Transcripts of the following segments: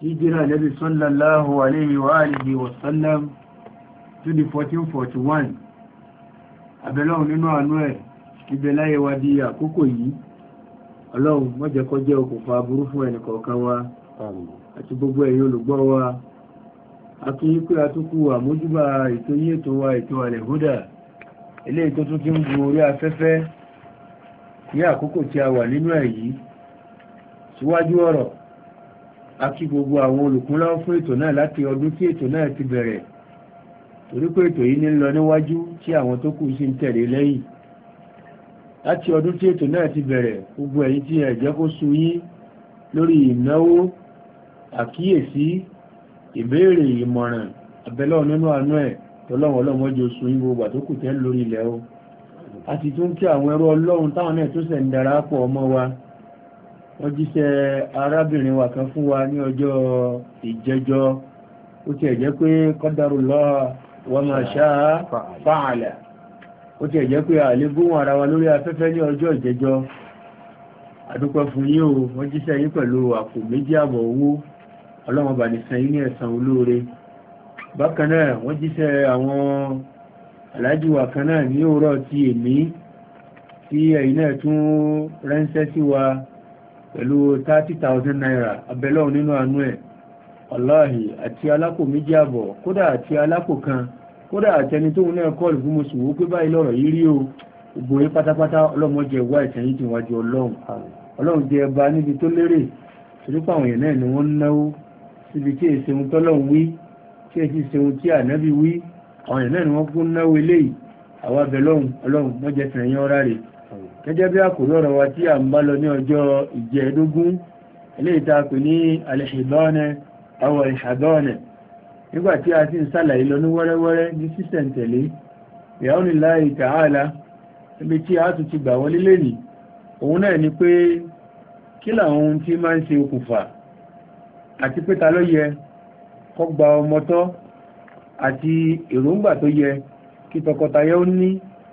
hijira nabi sallallahu alaihi wa alihi wa sallam to the 1441 abẹ́lọ́run nínú àánú ẹ̀ ibẹ̀ láyé wa di àkókò yìí ọlọ́run má jẹ́ kó jẹ́ okùnfà aburú fún ẹnìkọ̀ọ̀kan wa àti gbogbo ẹ̀yin olùgbọ́ wa a pé a àmójúbà ètò yín ètò wa ètò àlẹ̀húdà eléyìí tó tún ti ń gun orí afẹ́fẹ́ ní àkókò tí a wà nínú ẹ̀ síwájú ọ̀rọ̀ a kí gbogbo àwọn olùkúnlọ́wọ́ fún ètò náà láti ọdún tí ètò náà ti bẹ̀rẹ̀ torí pé ètò yìí ní ń lọ níwájú tí àwọn tó kù sí ń tẹ̀lé lẹ́yìn láti ọdún tí ètò náà ti bẹ̀rẹ̀ gbogbo ẹ̀yin tí ẹ jẹ́ kó sú yín lórí ìnáwó àkíyèsí ìbéèrè ìmọ̀ràn àbẹ́lọ́ nínú àánú ẹ̀ tọ́lọ́wọ́ ọlọ́run ọjọ́ yín gbogbo àtókù tẹ́ lórí ilẹ̀ o a sì tún kí àwọn ẹrú ọlọ́run táwọn náà tó sẹ̀ ń darapọ̀ ọmọ wa wọ́n jíṣẹ́ arábìnrin wa kan fún wa ní ọjọ́ ìjẹjọ́ ó tiẹ̀ jẹ́ pé qadarullah wa ma sha'a fa'ala ó tiẹ̀ jẹ́ pé àlébùn ara wa lórí afẹ́fẹ́ ní ọjọ́ ìjẹjọ́ àdúpẹ́ fún yín o wọ́n jíṣẹ́ yín pẹ̀lú àpò méjì àbọ̀ owó ọlọ́wọ́n bá nìsan yín ní ẹ̀san olóore bákan náà wọ́n jíṣẹ́ àwọn aláàjì wa kan náà ní òwúrọ̀ ti èmi tí ẹ̀yin náà tún ránṣẹ́ sí wa pẹ̀lú 30,000 naira abẹ́lọ́run nínú àánú ẹ̀ ọláhì àti alákò méjì àbọ̀ kódà àti alákò kan kódà àti ẹni tóun náà kọ́ọ̀lù fún mo sùn wó pé báyìí lọ́rọ̀ yìí rí o gbogbo yín pátápátá ọlọ́mọ jẹ wá ìtẹ̀yìn tí wájú ọlọ́run ọlọ́run jẹ ẹba níbi tó lérè torípa àwọn èèyàn náà ni wọ́n ń náwó síbi tí èsì ohun tọ́lọ́run wí tí èsì ìṣeun tí ànábì wí àwọn èèyàn náà ni wọ́n kún náwó eléyìí àwa bẹ̀ lọ́run ọlọ́run mọ́jẹ tẹ̀yìn ọ̀rá rèé gẹ́gẹ́ bí àkòrí ọ̀rọ̀ wa tí a ń bá lọ ní ọjọ́ ìjẹ́ẹ̀dógún eléyìí tá a pè ní alẹ́ṣẹ̀dọ́ọ̀nẹ àwọn ìṣàdọ́ọ̀nẹ nígbà tí a ti ń sàlàyé lọ ní wẹ́rẹ́wẹ́rẹ́ ní sísẹ̀ǹtẹ̀lé ìyàwó ní láì tààlà ibi tí a tún ti gbà wọlé lẹ́nìí òun náà ni pé kí làwọn tí máa ń ṣe okùnfà àti pé ta ló yẹ kó gba ọmọ tọ́ àti èròǹgbà tó yẹ kí tọkọtaya ó ní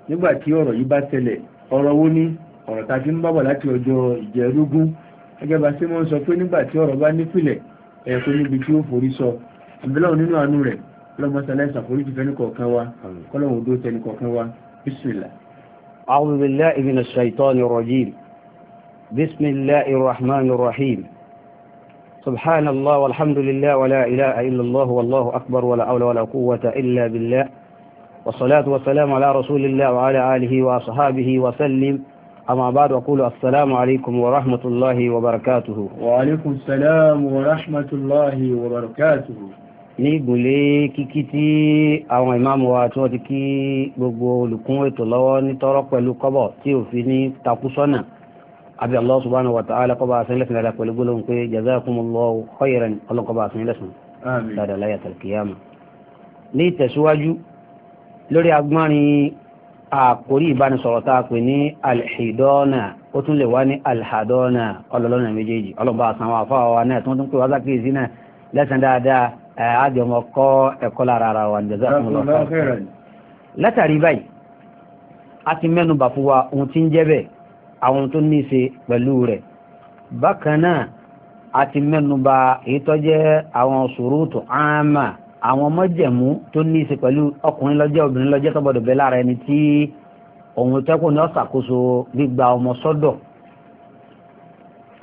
nígbà tí ọ̀rọ̀ yìí bá ṣẹlẹ̀ ọ̀rọ̀ wo ni ọ̀rọ̀ ta ti ń bábọ̀ láti ọjọ́ ìjẹ́rúgún gẹ́gẹ́ bá símọ́ sọ pé nígbà tí ọ̀rọ̀ bá nípìlẹ̀ ẹ̀kọ́ níbi tí ó forí sọ àbílọ́hùn nínú àánú rẹ̀ lọ́mọsáláìsà foríjì fẹ́ nìkọ̀ọ̀kan wa kọ́lọ́hùn odó tẹ nìkọ̀ọ̀kan wa bísmìlá. أعوذ بالله من الشيطان الرجيم بسم الله الرحمن الرحيم سبحان الله والحمد لله ولا إله إلا الله والله أكبر ولا حول ولا قوة إلا بالله والصلاة والسلام على رسول الله وعلى آله وأصحابه وسلم أما بعد أقول السلام عليكم ورحمة الله وبركاته وعليكم السلام ورحمة الله وبركاته ní ìgúnlé kíkí tí àwọn ìmáàmù wa tí wọ́n ti kí gbogbo olùkún ètò lọ́wọ́ ní tọ́rọ́ pẹ̀lú kọ́bọ̀ tí òfin ní takú sọ́nà àbí Allah subhanahu wa ta'ala kọ́ba àsìnlẹ̀sìn dáadáa pẹ̀lú gbólóhùn pé jazakumullahu khairan ọlọ́kọ́ba àsìnlẹ̀sìn dáadáa láyàtọ̀ kìyàmù ní ìtẹ̀síwájú lórí agbọ́nrin àkórí ìbánisọ̀rọ̀ tá a pè ní alhidona ó tún lè wá ní alhadona ọlọ́lọ́nà méjèèjì ọlọ́ba àtàwọn àfa wa náà tó ń tún pè wá sákèésí náà lẹ́sìn dáadáa àjọ ọmọ kọ́ ẹ̀kọ́ lára ara wa ǹjẹ́ sáà fún lọ́kọ́. látàrí báyìí a ti mẹ́nubà fún wa ohun tí ń jẹ́ bẹ́ẹ̀ àwọn tó ní í ṣe pẹ̀lú rẹ̀ bákan náà a ti mẹ́nubà èyí àwọn ṣùrùtù àmà àwọn mọ́jẹ̀mú tó ní í ṣe pẹ̀lú ọkùnrin lọ́jọ́ obìnrin lọ́jọ́ tó gbọdọ̀ bẹ lára ẹni tí òun tẹ́kùn ní ọ̀ṣàkóso gbígba ọmọ sọ́dọ̀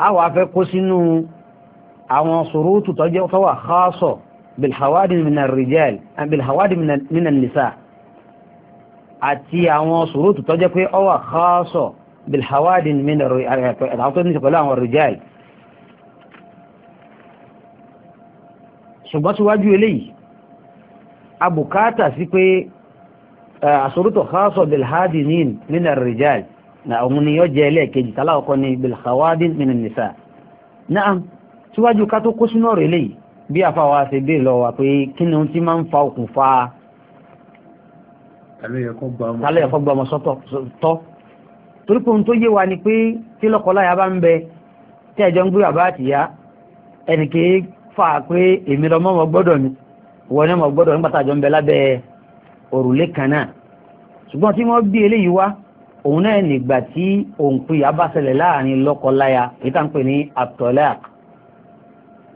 àwọn afẹ́ kó sínú àwọn ṣùrútù tọ́jọ́ tọ́wà xaṣọ bilhawadi minan rijal bilhawadi minan nisa àti àwọn ṣùrútù tọ́jọ́ pé ọwà xaṣọ bilhawadi minan àwọn tó ní í ṣe pẹ̀lú àwọn rijal ṣùgbọ́n síwájú eléyìí abùkátà sí pé àsorútọ̀ khasọ̀ bilhadinin nínú rijal na òun ni yóò jẹ ẹlẹ́ẹ̀kejì tàlákọ́ ni bilhawadin nínú nìsa náà síwájú ká tó kó sínú ọ̀rọ̀ eléyìí bí àfàwà ṣe bèè lọ wà pé kí ni ohun tí máa ń fa okùnfà tálẹ̀ ẹ̀kọ́ gba ọmọ sọ́tọ̀ torí pé ohun tó yé wa ni pé tí lọ́kọláya bá ń bẹ tí ẹ̀jọ̀ ń gbé bàbá àtìyá ẹnì kì í pé èmi lọ́mọ́ wọn gbọ́dọ̀ mi wọn náà mọ̀ gbọ́dọ̀ nígbà tá a jọ ń bẹ lábẹ́ òrùlé kan náà ṣùgbọ́n tí wọ́n bí eléyìí wá òun náà nígbà tí òǹpin bá ṣẹlẹ̀ láàrin lọ́kọ-láya èyí tá à ń pè ní atọ́lẹ́àk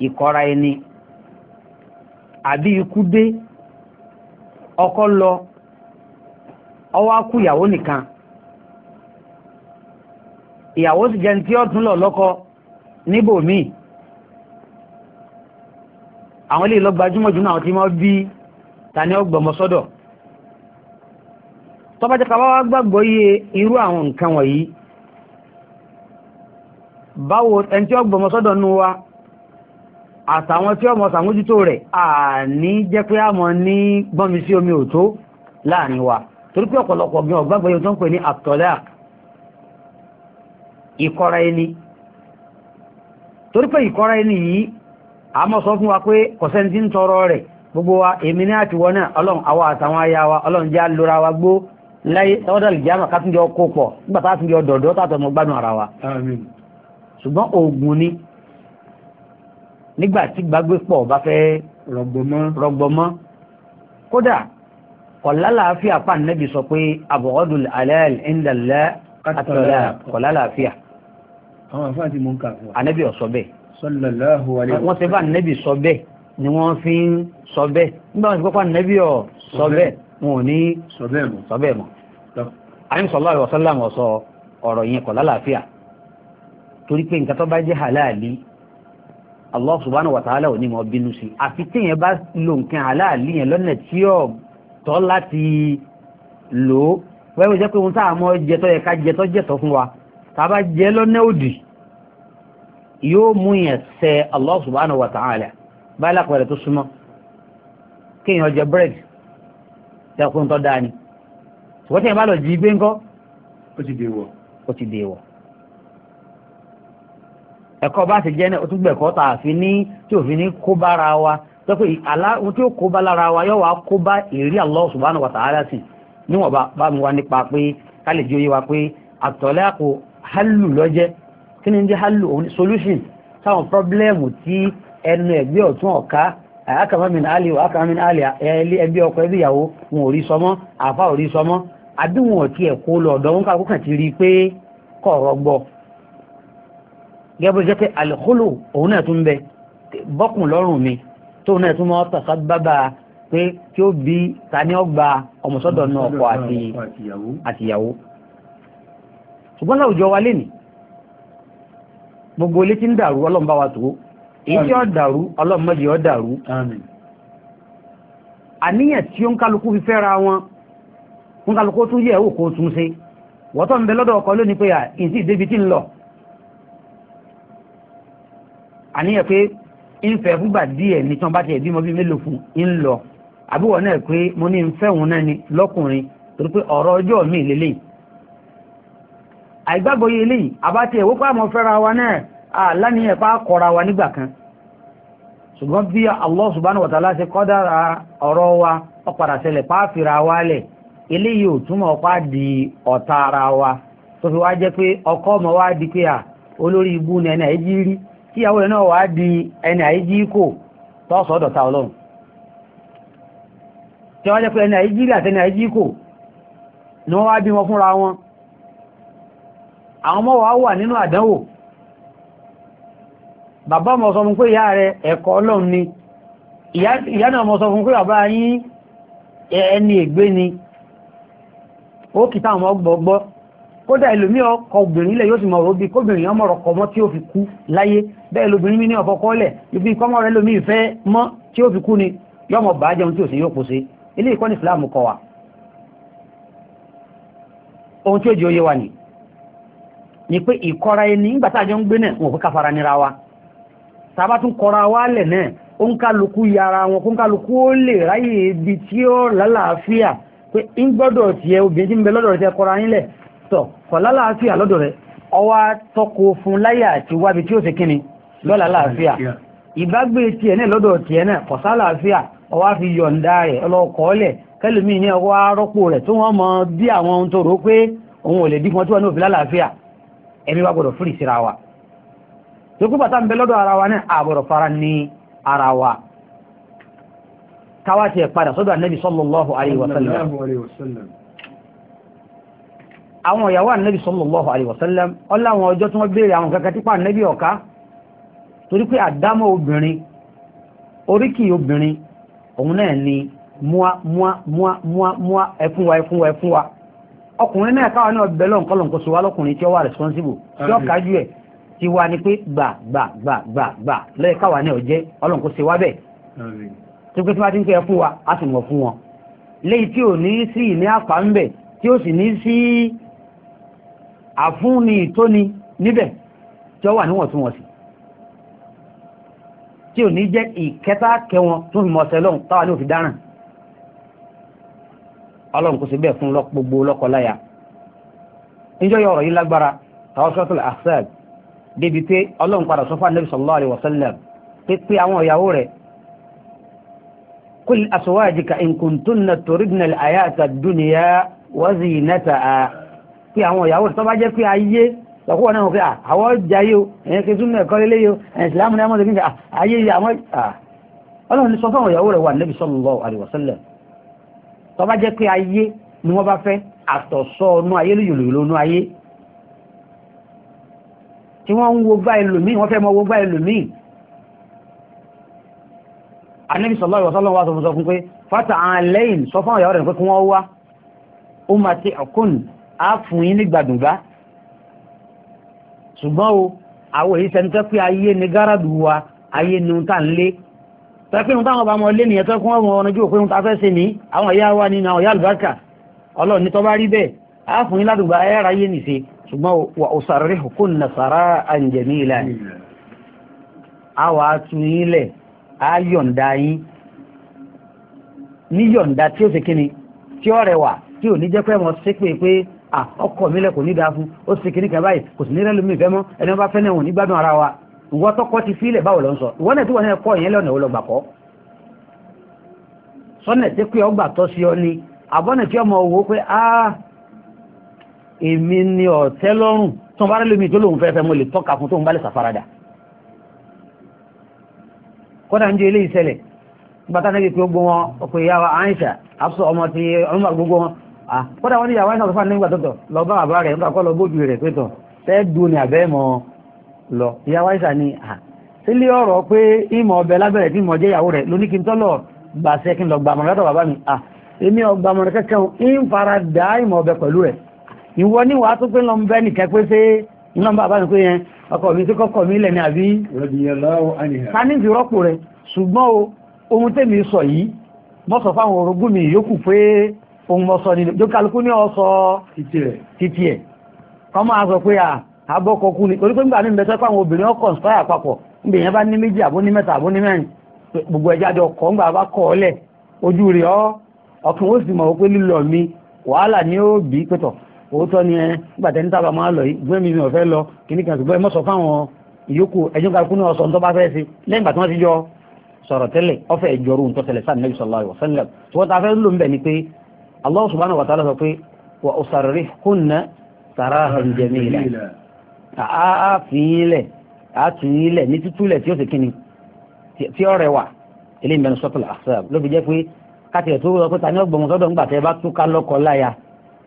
ìkọ́ra ẹni àbí ikú dé ọkọ lọ ọwọ́ akú ìyàwó nìkan ìyàwó sì jẹ́ ní tí ó tún lọ lọ́kọ níbòmíì àwọn ilé ìlọ́gba júmọ̀jú náà ti máa bí tani ọgbọ̀mọ sọ́dọ̀ tọ́ba jẹ́ wá gbàgbọ́ iye irú àwọn nǹkan wọ̀nyí báwo ẹni tí ọgbọ̀mọ sọ́dọ̀ nu wa àtàwọn tí ọmọ sàmójútó rẹ̀ àní jẹ́ pé àmọ́ ní gbọ́nmi sí omi òtó láàrin wa torí pé ọ̀pọ̀lọpọ̀ gan ọ̀gbàgbọ́ yóò tó ń pè ní atọ́lák ìkọ́ra ẹni torí pé ìkọ́ra ẹni yìí àmọ́ sọ fún wa pé kọ̀sẹ́ni tí ń tọrọ rẹ̀ gbogbo wa èmi ní àti wọn náà ọlọ́run àwa àtàwọn aya wa ọlọ́run já lóra wa gbó láyé ọ̀dọ̀ lè jáàmà ká tún jọ kó pọ̀ nígbà tá a tún jọ dọ̀dọ̀ tá a tọmọ gbádùn ara wa. ṣùgbọ́n oògùn ni nígbà tí gbàgbé pọ̀ bá fẹ́ rọgbọmọ́ kódà kọ̀lálàáfíà pàǹdẹ́bì sọ pé àbọ̀ọ́dún alẹ́ ìndàlẹ́ sallallahu alaihi wọ́n ti bá nẹ́bì sọ bẹ́ẹ̀ ni wọ́n fi ń sọ bẹ́ẹ̀ nígbà wọn ti kọ́kọ́ nẹ́bì ọ̀ sọ bẹ́ẹ̀ wọn ò ní sọ bẹ́ẹ̀ mọ́ àyìn sallallahu alaihi wasallam sọ ọ̀rọ̀ yẹn kọ̀ lálàáfíà torí pé nǹkan tó bá jẹ́ halali Allah subhanahu wa ta'ala ò ní mọ̀ bínú sí àfi téèyàn bá lo nǹkan halali yẹn lọ́nà tí ò tọ́ láti lò ó wẹ́wẹ́ jẹ́ pé ohun tá mọ̀ jẹ yẹ ká jẹ tó fún wa tá a bá jẹ lọ́nà òdì yoo mú yẹn Allah subhanahu wa ta'ala báyìí lápẹẹrẹ tó súnmọ́ kéèyàn jẹ bread tẹkùn tó dáa ni ṣùgbọ́n tí yẹn bá lọ jí gbé ńkọ́ ti dèwọ̀ ó ti ti a fi ní tí òfin ní kó bára wa wa yóò wá ala bá ìrírí Allah subhanahu wa ta'ala wa pé àtọ̀lẹ́ àpò kí ni ń jẹ́ hallu òun solution sáwọn problem ti, ẹnu ẹgbẹ́ ọ̀tún ọ̀ká akamamin ali wa akamamin ali ẹbí ọkọ ẹbí ìyàwó wọn ò rí sọmọ àfa ò rí sọmọ àbí wọn ò tiẹ̀ kó lọ ọ̀dọ̀ wọn kàkó kàn ti rí i pé kọ̀ọ̀rọ̀ gbọ́ gẹ́gbẹ́ jẹ́ pé alikolo òun náà tún bẹ bọ́kùn lọ́rùn mi tóun náà tún mọ́ tàṣà bábà pé kí ó bí tani ọgbà ọmọsọ́dọ̀ náà ọkọ àti àtìyàwó ṣùgbọ́n láwùjọ wa lénìí gbogbo ilé tí ń dàrú ọlọ́run bá wa tó èyí tí ó dàrú ọlọ́run mọ́jì ó dàrú. àníyàn tí ó ń kálukú fi fẹ́ra wọn ń kálukú tún yẹ̀ wò kó tún ṣe wọ́n tó ń bẹ lọ́dọ̀ ọkọ lónìí pé à ìsì débi tí ń lọ. àníyàn pé ń fẹ́ fúgbà díẹ̀ ní tí wọ́n bá tiẹ̀ bímọ bíi mélòó fún ń lọ àbúwọ̀ náà pé mo ní ń fẹ́ òun náà ni lọ́kùnrin torí pé ọ̀rọ̀ ọjọ́ mi lélẹ́yìí àìgbàgbọ́ yìí eléyìí àbátí ẹ̀wọ́ pé àmọ́ fẹ́ra wa náà àlàníyàn pa kọ́ra wa nígbà kan ṣùgbọ́n bí Allah subhanahu wa ta'ala ṣe wa ọ̀padà ṣẹlẹ̀ pàáfìrà wa lẹ̀ eléyìí ò túmọ̀ ọ̀pá di ọ̀tá wa tó fi wá jẹ́ ọkọ ọmọ wa di pé à olórí ibu ni ẹni àìjí rí náà di ẹni àìjí kò ni wọ́n wá bí wọn fúnra wọn àwọn ọmọ wa wà nínú àdánwò bàbá mọ̀ sọ fún pé ìyá rẹ ẹ̀kọ́ ọlọ́run ni ìyá náà mọ̀ sọ fún pé bàbá yín ẹni ègbé ni ó kìtà àwọn ọgbọ̀gbọ́ kódà ìlòmí ọkọ obìnrin ilẹ̀ yóò ti mọ̀ òbí kóbìnrin ọmọ ọkọ̀ mọ́ tí ó fi kú láyé bẹ́ẹ̀ lóbìnrin mi ní ọ̀kọ̀kọ́lẹ̀ ibi kọ́mọ́ rẹ lómi ìfẹ́ mọ́ tí ó fi kú ni yọmọ bàá jẹun tí ò sí yóò pòṣe ilé ìkọ́ni Islam kọ wa ohun tí ó jẹ́ oyé wa nìí ni pé ìkọ́ra ẹni nígbà tá a jọ ń gbé náà wọn ò fi káfara nira wa tá a bá tún kọ́ra wa lẹ̀ náà ó ń kálukú yára wọn kó ń kálukú ó lè ráyè ibi tí ó lálàáfíà pé ń gbọ́dọ̀ tiẹ̀ obìnrin tí ń bẹ lọ́dọ̀ tiẹ̀ kọ́ra yín lẹ̀ tọ̀ kọ̀ lálàáfíà lọ́dọ̀ rẹ̀ ọwọ́ tọkọ fún láyà àti wábi tí ó ṣe kíni lọ́la láàfíà ìbágbé tiẹ̀ náà lọ́dọ̀ tiẹ̀ náà kọ̀ sálàáfíà ọwọ́ fi yọ̀ǹda rẹ̀ ọlọ́kọ̀ọ́lẹ̀ kẹlòmíì ní ọwọ́ arọ́pò rẹ̀ tí wọ́n mọ bí àwọn ohun tó rò pé òun ò lè dí fún ọtí wọn ní òfin lálàáfíà ẹ̀mí wa gbọ́dọ̀ fúri síra wa tókù bàtà ń bẹ lọ́dọ̀ ara wa ní àgbọ̀dọ̀ fara ní ara wa káwá tiẹ̀ padà sọ́dọ̀ anabi sallallahu alayhi wa sallam àwọn ìyàwó anabi sallallahu alayhi wa sallam ọláwọn ọjọ́ tí wọ́n béèrè àwọn kankan tí pa anabi ọ̀ka torí pé àdámọ̀ obìnrin oríkì obìnrin òun náà ni mua mua mua mua mua ẹfún wa ọkùnrin náà káwọn náà bẹ lọ́n kọ́lọ́n kó so wá lọ́kùnrin tí ó wà responsible tí ó kájú ẹ̀ ti wá ni pé gbà gbà gbà gbà gbà lọ́yẹ̀ káwọn náà jẹ́ ọlọ́n kó se wá bẹ́ẹ̀ tó pé tí wọ́n ti ń kẹ́ fún wa á sì mọ̀ fún wọn léyìí tí ò ní sí ìní àpá ń bẹ̀ tí ó sì ní sí àfúnni ìtóni níbẹ̀ tí ó wà níwọ̀ntúnwọ̀nsì tí ò ní jẹ́ ìkẹta tó fi mọ̀ ọ̀sẹ̀ lọ́hùn táwa ní òfin dáràn ọlọ́run kò sí bẹ́ẹ̀ fún gbogbo lọ́kọláya níjọ́ yọ ọ̀rọ̀ yìí lágbára tàwọn sọ́tòlù ahzab débi pé ọlọ́run padà sọ fún anabi sallallahu alayhi wa sallam pé pé àwọn ìyàwó rẹ̀ kul aswajika in kuntunna turidna al-hayata ad-dunya wa zinataha pé àwọn ìyàwó rẹ̀ tó bá jẹ́ pé ayé lọ́kọ́ wọn náà wọ́n pé ah, àwọn ọjà yìí o ẹ̀yìn kí súnmọ́ ẹ̀kọ́ ilé yìí o ẹ̀yìn ìsìlámù náà wọ́n tó bá jẹ́ pé ayé ni wọ́n bá fẹ́ àtọ̀sọ́ ọnú ayé lòyòlòyò ọnú ayé tí wọ́n ń wo gbá ẹlòmíì wọ́n fẹ́ mọ wo gbá ẹlòmíì anabi sallallahu alaihi wasallam wa sọ fún sọ fún pé fata alain sọ fún ìyàwó rẹ̀ pé kí wọ́n wá ó máa ti ọkùn á fún yín nígbàdùnbá ṣùgbọ́n o àwọn èyí sẹ́ni tó pé ayé ni gáràdù wa ayé ni tá à ń lé tẹ́fíhun táwọn ọba ọmọ ilé nìyẹn tó kún ọmọ ọ̀nà ojú òpin ta fẹ́ ṣe ní àwọn ìyá wa nínú àwọn ìyá àlùbáríkà ọlọ́run ní tó bá rí bẹ́ẹ̀ á fún yín ládùúgbò ayára yé nìṣe ṣùgbọ́n wà ó sàrẹ́rẹ́ òkun nà sàrà àǹjẹ̀mí ilà ni a wà á tu yín lẹ̀ á yọ̀ǹda yín ní yọ̀ǹda tí ó ṣe kíni tí ó rẹwà tí ò ní jẹ́ pé wọ́n ṣe pé pé ọkọ̀ mi lẹ̀ kò ní ìwọ tó kọ́ ti fílẹ̀ báwo ló ń sọ ìwọ náà tí wọ́n náà kọ́ ìyẹn lọ́nà olóògbà kọ́ sọ́nà tí pé ọgbà tọ́ sí ọ ni àbọ́nà tí ọmọ owó pé á èmi ni ọ̀tẹ́ lọ́rùn tó ń bá lómi tó lòun fẹ́fẹ́ mo lè tọ́ka fún tó ń bá lè sàfaradà kódà ń jẹ́ ilé ìṣẹ̀lẹ̀ bàtà náà pé gbogbo wọn ọkọ̀ ìyá wa Aisha Hafsa ọmọ ti ọmọ gbogbo wọn kódà wọn ní ìyá wa tó fà nígbà tó tọ̀ lọ bá àbá rẹ̀ nígbà kọ́ lọ bójú rẹ̀ pé tọ̀ tẹ́ dùn ní àbẹ́ mọ́ lọ ìyá wáìsà ni à sílé ọ̀rọ̀ pé ìmọ̀ ọbẹ̀ lábẹ́rẹ̀ tí ìmọ̀ jẹ́ ìyàwó rẹ̀ lóní kí n tọ́lọ̀ gbàṣẹ́ kí n lọ gbàmọ̀ràn látọ̀ bàbá mi à èmi ọgbàmọ̀ràn kẹ́kẹ́ ń fara dá ìmọ̀ ọbẹ̀ pẹ̀lú rẹ̀ ìwọ ní wàá tó pé lọ́n bẹ́ nìkẹ́ pé ṣé iná bàbá mi pé yẹn ọkọ mi tí kọ́kọ́ mi lẹ̀ ní àbí ká ní fi rọ́pò rẹ̀ ṣùgbọ́n o ohun tèmi sọ yìí mọ́ abọ́kọ̀kú ni torí pé nígbà ní ìbẹ̀sẹ̀ fáwọn obìnrin ọkọ̀ ṣọ́yà papọ̀ níbi yẹn bá ní méjì àbó ní mẹ́ta àbó ní mẹ́rin gbogbo ẹja jọ kọ́ ńgbà bá kọ́ ọ́lẹ̀ ojú rẹ̀ ọ́ ọkàn ó sì mọ̀ pé lílọ mi wàhálà ni ó bí pẹ̀tọ̀ òótọ́ ni ẹ nígbà tẹ́ni tábà máa lọ yìí gbé mi mi ò fẹ́ lọ kìíní kan ṣùgbọ́n ẹ mọ̀ sọ fáwọn ìyókù ẹjọ́ kálukú náà a fi ní tútù lẹ̀ tí ó sì kíni tí ó rẹwà eléyìí mẹ́rin sọ́tò làásàb ló fi jẹ́ pé káti ẹ̀ tó wọ́n pé ta ni ọgbọ̀n sọ́dọ̀ ńgbà tẹ́ bá túká lọ́kọ láya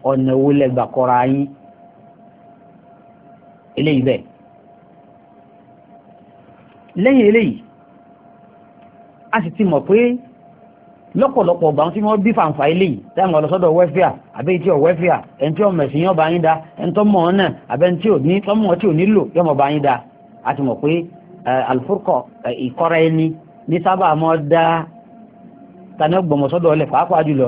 ọ̀nà wo lẹ gbà kọ́ra yín eléyìí bẹ́ẹ̀ lẹ́yìn eléyìí a sì ti mọ̀ pé lọ́pọ̀lọpọ̀ ọgbà tí wọ́n bí fàǹfà ilé yìí táwọn ọlọ́sọ́dọ̀ wẹ́fíà àbẹ́ tí ò wẹ́fíà ẹni tí ọmọ ẹ̀sìn yóò bá yín da ẹni tó mọ̀ ọ́n náà àbẹ́ tí ò ní tọ́mọ̀ tí ò nílò yóò mọ̀ bá yín da a ti mọ̀ pé alifurukọ ìkọ́ra ẹni ní sábà mọ́ da tani ọgbọ̀mọ̀sọ́dọ̀ ọlẹ̀ pàápàá jùlọ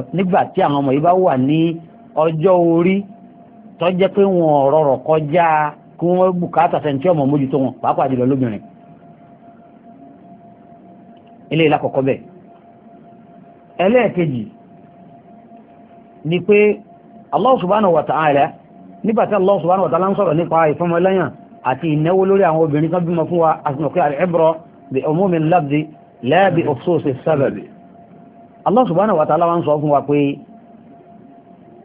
nígbà ẹlẹ́ẹ̀kejì ni pé Allah subhanahu wa ta'ala nígbà tí Allah subhanahu wa ta'ala ń sọ̀rọ̀ nípa ìfọmọlẹ́yìn àti ìnáwó lórí àwọn obìnrin kan bímọ fún wa bi umumi al-lafzi la bi khususi as-sabab Allah sọ fún wa pé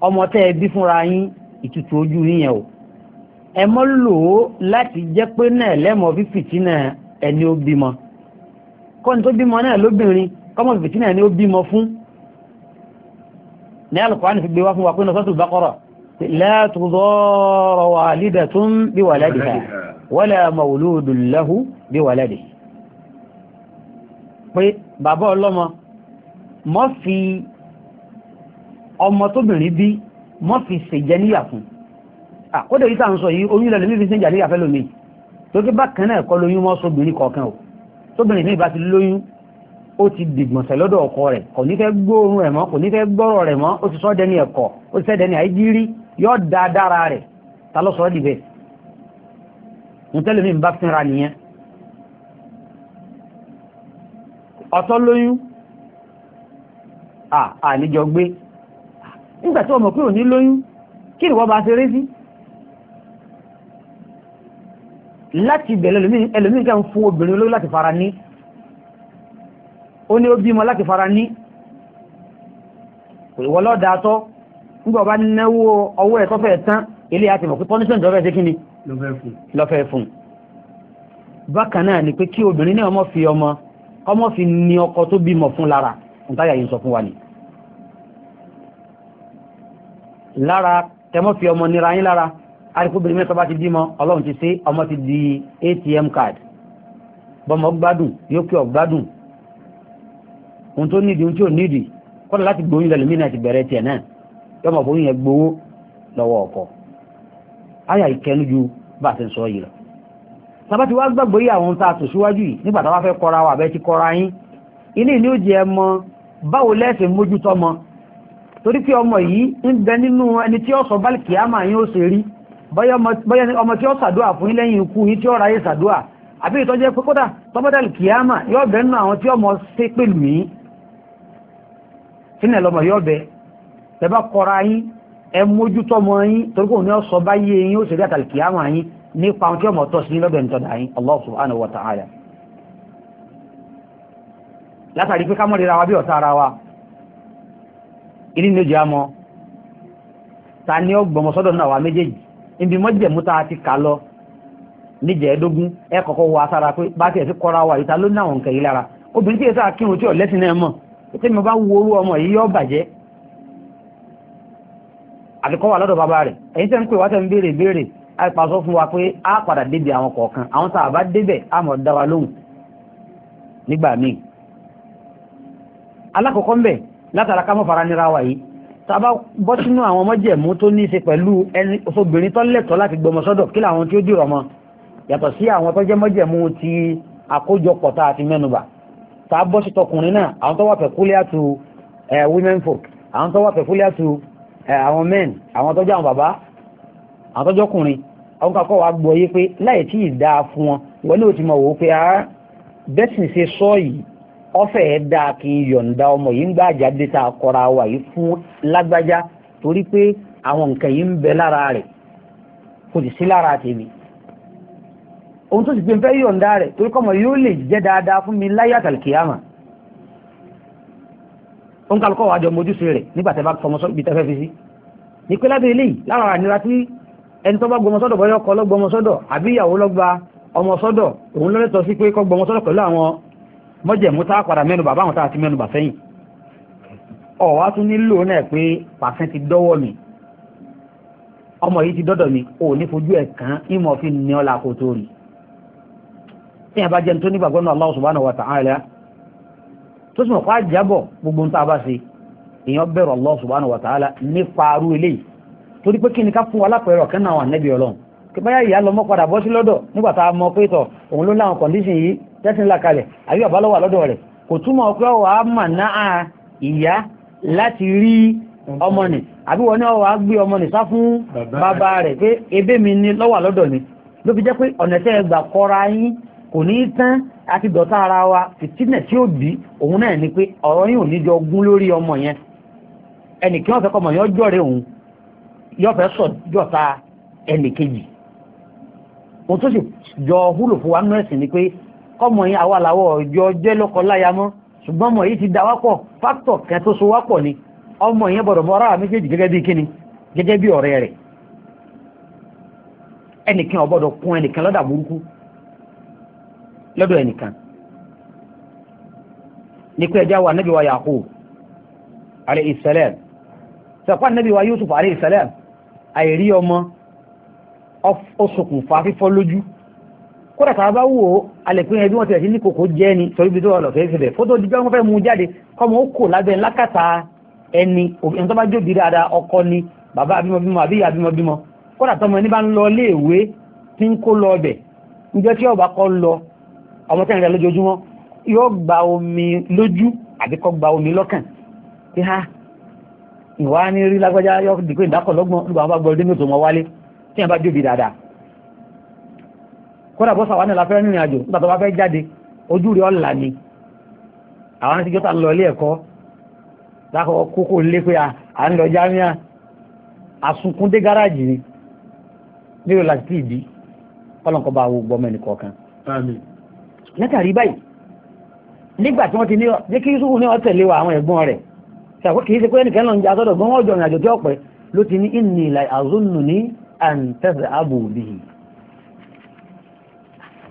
ọmọ tẹ́ ẹ bí fúnra yín ìtutù ojú ó láti jẹ́ pé náà kọ́mọ̀ fìtínà ni ó bímọ fún ní Al-Qur'an fi gbé wá fún wa pé ní sọ́tù Baqara la tudara walidatun bi waladiha wala mawludun lahu bi waladihi pé bàbá ọlọ́mọ mọ́ fi ọmọ tóbìnrin bí mọ́ fi ṣèjẹ níyà fún àkódé yìí tàà ń sọ yìí oyún lẹ́nu mífi ṣèjà níyà fẹ́ lómi tó kí bákan náà kọ́ lóyún mọ́ sóbìnrin kọ̀ọ̀kan o tóbìnrin ní ìbá ti lóyún ó ti dìgbọ̀nsẹ̀ lọ́dọ̀ ọkọ rẹ̀ kò ní fẹ́ gbóòórùn rẹ̀ mọ́ kò ní fẹ́ gbọ́rọ̀ rẹ̀ mọ́ ó ti sọ́ dẹni ẹ̀kọ́ ó ti sẹ́ dẹni àìjírí yọ́ da dára rẹ̀ ta ló sọ́ dìbẹ̀ mo tẹ́lẹ̀ mi bá fínra nìyẹn ọ̀tọ̀ lóyún à àníjọ gbé nígbà tí ọmọ pé ò ní lóyún kí ni wọ́n bá ṣeré sí láti ibẹ̀ lẹ́lòmíì ẹlòmíì kẹ́ ń fún obìnrin olóyún láti fara ní ó ní ó bímọ láti fara ní ìwọ lọ́dà tọ́ nígbà bá náwó ọwọ́ ẹ̀ tọ́fẹ̀ tán ilé àti mọ̀ pé punishment lọ́fẹ̀ẹ́ sí kíni lọ́fẹ̀ẹ́ fún bákan náà ni pé kí obìnrin náà ọmọ fi ọmọ ọmọ fi ní ọkọ tó bímọ fún lára ntáyà yìí ń sọ fún wa ni lára tẹmọ fi ọmọ nira yín lára arikóbìnrin mẹ́ta bá ti bímọ ọlọ́run ti ṣe ọmọ ti di ATM card bọ́mọ gbádùn yóò kí ọ gbádùn ohun tó nídìí ohun tí ò nídìí kọ́dà láti gbóyún lẹ́lẹ́mí náà ti bẹ̀rẹ̀ tiẹ̀ náà yọmọ fún yẹn gbowó lọ́wọ́ ọkọ àyà ìkẹnu ju bá a ti ń sọ yìí lọ. sábà tí wàá gbàgbọ́ yìí àwọn tá a tò síwájú yìí nígbà táwa fẹ́ kọ́ra wa àbẹ́ ti kọ́ra yín ilé ìní òjì ẹ mọ báwo lẹ́sẹ̀ mójútó mọ torí pé ọmọ yìí ń bẹ nínú ẹni tí ó sọ bálì kìámà yín ó ṣe rí bọ́yá ọmọ tí ó ṣàdúà fún yín lẹ́yìn ikú yín tí ó ráyè ṣàdúà àbí ìtọ́jú ẹ pé kódà tọ́mọ́dàlì kìámà yóò bẹ nínú àwọn tí ọmọ ṣépèlú yín fínà lọmọ yọ bẹ ẹ bá kọra yín ẹ mójútó mọ yín torí kò ní ọsọ bá yé yín ó sì rí àtàlùkì àmọ yín nípa ohun tí ọmọ tọ sí lọbẹ nítorí àyín Allah subhanahu wa ta'ala. látàrí pé ká mọ̀ rírà wa bí ọ̀tá ara wa ìdí ni ó jẹ́ àmọ́ ta ni ó gbọmọ sọ́dọ̀ náà wa méjèèjì ibi mọ́jẹ̀mú tá a ti kà lọ níjẹ̀ẹ́dógún ẹ kọ́kọ́ wọ asára pé bá tiẹ̀ sí kọ́ra wa ìta ló ní àwọn nǹkan yìí lára obìnrin tí yẹ sáà kírun tí ò lẹ́sìn náà mọ̀ tí mo bá wo orú ọmọ yìí yọ bàjẹ́ àdìkọ́ wà lọ́dọ̀ bàbá rẹ̀ ẹ̀yin tẹ́ ń pè wá ń béèrè béèrè àìpàṣọ fún wa pé a padà débi àwọn kọ̀ọ̀kan àwọn tá a bá débẹ̀ a mọ̀ dá wa lóhùn nígbà míì alákọ̀ọ́kọ́ ń bẹ̀ látara ká mọ̀ fara nira wa yìí tá a bá bọ́ sínú àwọn ọmọjẹ̀mú tó ní í ṣe pẹ̀lú ẹni obìnrin tó lẹ̀tọ́ láti gbọmọ sọ́dọ̀ kí làwọn tí ó dìrọ̀ mọ́ yàtọ̀ sí àwọn tó jẹ́ mọ́jẹ̀mú ti àkójọpọ̀ tá a ti mẹ́nubà tá a bọ́ sí tọkùnrin náà àwọn tó wà peculiar to eh, women folk àwọn tó wà peculiar to eh, àwọn men àwọn tó jẹ́ àwọn bàbá àwọn tó jọkùnrin àwọn kan kọ́ wa gbọ́ yé pé láì tí ì dáa fún wọn wọn ní òtí mọ̀ wò ó pé a ah, bẹ́sìn ṣe sọ yìí ọ̀fẹ́ ẹ̀ dáa kí n yọ̀ǹda ọmọ yìí ń gbà jáde tá a kọ́ra wa yìí fún lágbájá torí pé àwọn nǹkan yìí ń bẹ lára rẹ̀ kò sì sí lára tèmi ohun tó sì gbé fẹ́ yọ̀ǹda rẹ̀ torí kọ́mọ yóò lè jẹ́ dáadáa fún mi láyé àtàlìkìyàmà òun kálukọ́ wa jọ mojúṣe rẹ̀ nígbà tẹ́ bá fọmọ sọ ibi tẹ́fẹ́ fi sí ní pé lábẹ́ eléyìí lára ànira tí ẹni tó bá gbọmọ sọ́dọ̀ bọ́yọ́ kọ́ lọ́gbọmọ sọ́dọ̀ àbí ìyàwó lọ́gba ọmọ sọ́dọ̀ òun ló lẹ́tọ̀ọ́ sí pé kọ́ gbọmọ sọ́dọ̀ pẹ̀lú àwọn mọ́jẹ̀mú tá a padà mẹ́nu bàbá àwọn tá a ti mẹ́nu bà sẹ́yìn ọ̀wá tún nílò náà pé pàṣẹ ti dọ́wọ́ mi ọmọ yìí ti dọ́dọ̀ mi ò ní fojú ẹ̀ kàn ìmọ̀ fi ní ọ́ làkótó rí tí a bá jẹ́ tó nígbàgbọ́ náà Allah subhanahu wa ta'ala tó sì mọ̀ pa àjábọ̀ gbogbo ń tá a bá ṣe èèyàn bẹ̀rù Allah subhanahu wa ta'ala nípa arú eléyìí torí pé kí ni ká fún wa lápẹ̀rẹ̀ ọ̀kẹ́ náà wà nẹ́bí ọlọ́run kí báyà ìyá lọ mọ́ padà bọ́ sí lọ́dọ̀ nígbà tá a mọ pé tọ̀ òun ló láwọn kọ̀ǹdíṣìn yìí tẹ́sí ńlá kalẹ̀ àbí bàbá lọ́wọ́ lọ́dọ̀ rẹ̀ kò túmọ̀ pé ọ̀ wá mà náà ìyá láti rí ọmọ nì àbí wọn ní ọ̀ wá gbé ọmọ nì sá fún bàbá rẹ̀ pé ebé mi ni lọ́wọ́ lọ́dọ̀ mi ló fi jẹ́ pé ọ̀nà tẹ́ ẹ gbà kọ́ra yín kò ní í tán àti dọ̀tá ara wa fìtínà tí ó bí òun náà ni pé ọ̀rọ̀ yìí ò ní jọ gún lórí ọmọ yẹn ẹnì kí wọ́n fẹ́ kọ́ ọmọ yẹn ọjọ́ òun fẹ́ sọ dọ̀tá ẹnì kejì òun tó sì jọ húlò fún wa nú ẹ̀sìn ni pé kọ́mọ yẹn àwa làwọ̀ ọjọ́ jẹ́ lọ́kọ ọmọ yìí ti wápọ̀ fáktọ̀ tó ni ọmọ yẹn méjèèjì gẹ́gẹ́ kíni gẹ́gẹ́ ọ̀rẹ́ rẹ̀ ẹnìkan lọ́dọ̀ ẹnìkan ní pé ẹjá wa nábì wa Yaqub alayhi salam sọ̀pá nábì wa Yusuf alayhi salam àìrí ọmọ ó ṣokùnfà fífọ́ lójú kódà tá a bá wò ó alẹ́pẹ́ yẹn bí wọ́n ti rẹ̀ sí ní kòkó jẹ́ ni torí bí tó wà lọ́fẹ́ síbẹ̀ fótó di pé wọ́n fẹ́ mú jáde kọ́mọ ó kò lábẹ́ lákàtà ẹni òfin tó bá jóbi dáadáa ọkọ ni bàbá abímọbímọ àbí ìyá abímọbímọ kódà tọmọ ẹni bá ń lọ iléèwé tí ń kó lọ ọbẹ̀ níjọ́ tí ọba kọ́ ń lọ ọmọ tẹ́rin rẹ̀ lójoojúmọ́ yóò gba omi lójú àbí kọ́ gba omi lọ́kàn tí ha ìwà ní rí lágbájá yóò dìpé ìdákọ̀lọ́gbọ̀n nígbà wọn bá gbọ́ ọdún ní òtò wálé tí wọn bá jóbi dáadáa kódà bó sàwọn nílá fẹ́rẹ́ nírìn àjò nígbà tó bá fẹ́ jáde ojú rẹ̀ ọ̀la ni àwọn ti jọ́ta lọ ilé ẹ̀kọ́ lákọ̀ kókó lé pé à ń lọ jámíà àsunkún dé gáràjì ni nílò láti tì í bí ọlọ́nkọ́ bá wo gbọ́mọ ẹnì kọ̀ọ̀kan. Àmín látàrí báyìí nígbà tí wọ́n ti ní jẹ́ kí Yusuf ní ó tẹ̀lé wa àwọn ẹ̀gbọ́n rẹ̀ ṣàkó kìí ṣe pé ẹnìkan lọ ń jẹ asọ́dọ̀ gbọ́n wọ́n jọ ìrìnàjò tí ọ̀pẹ ló ti ní ìní ìlà àzónù ní àǹtẹ̀sẹ̀ ààbò òbí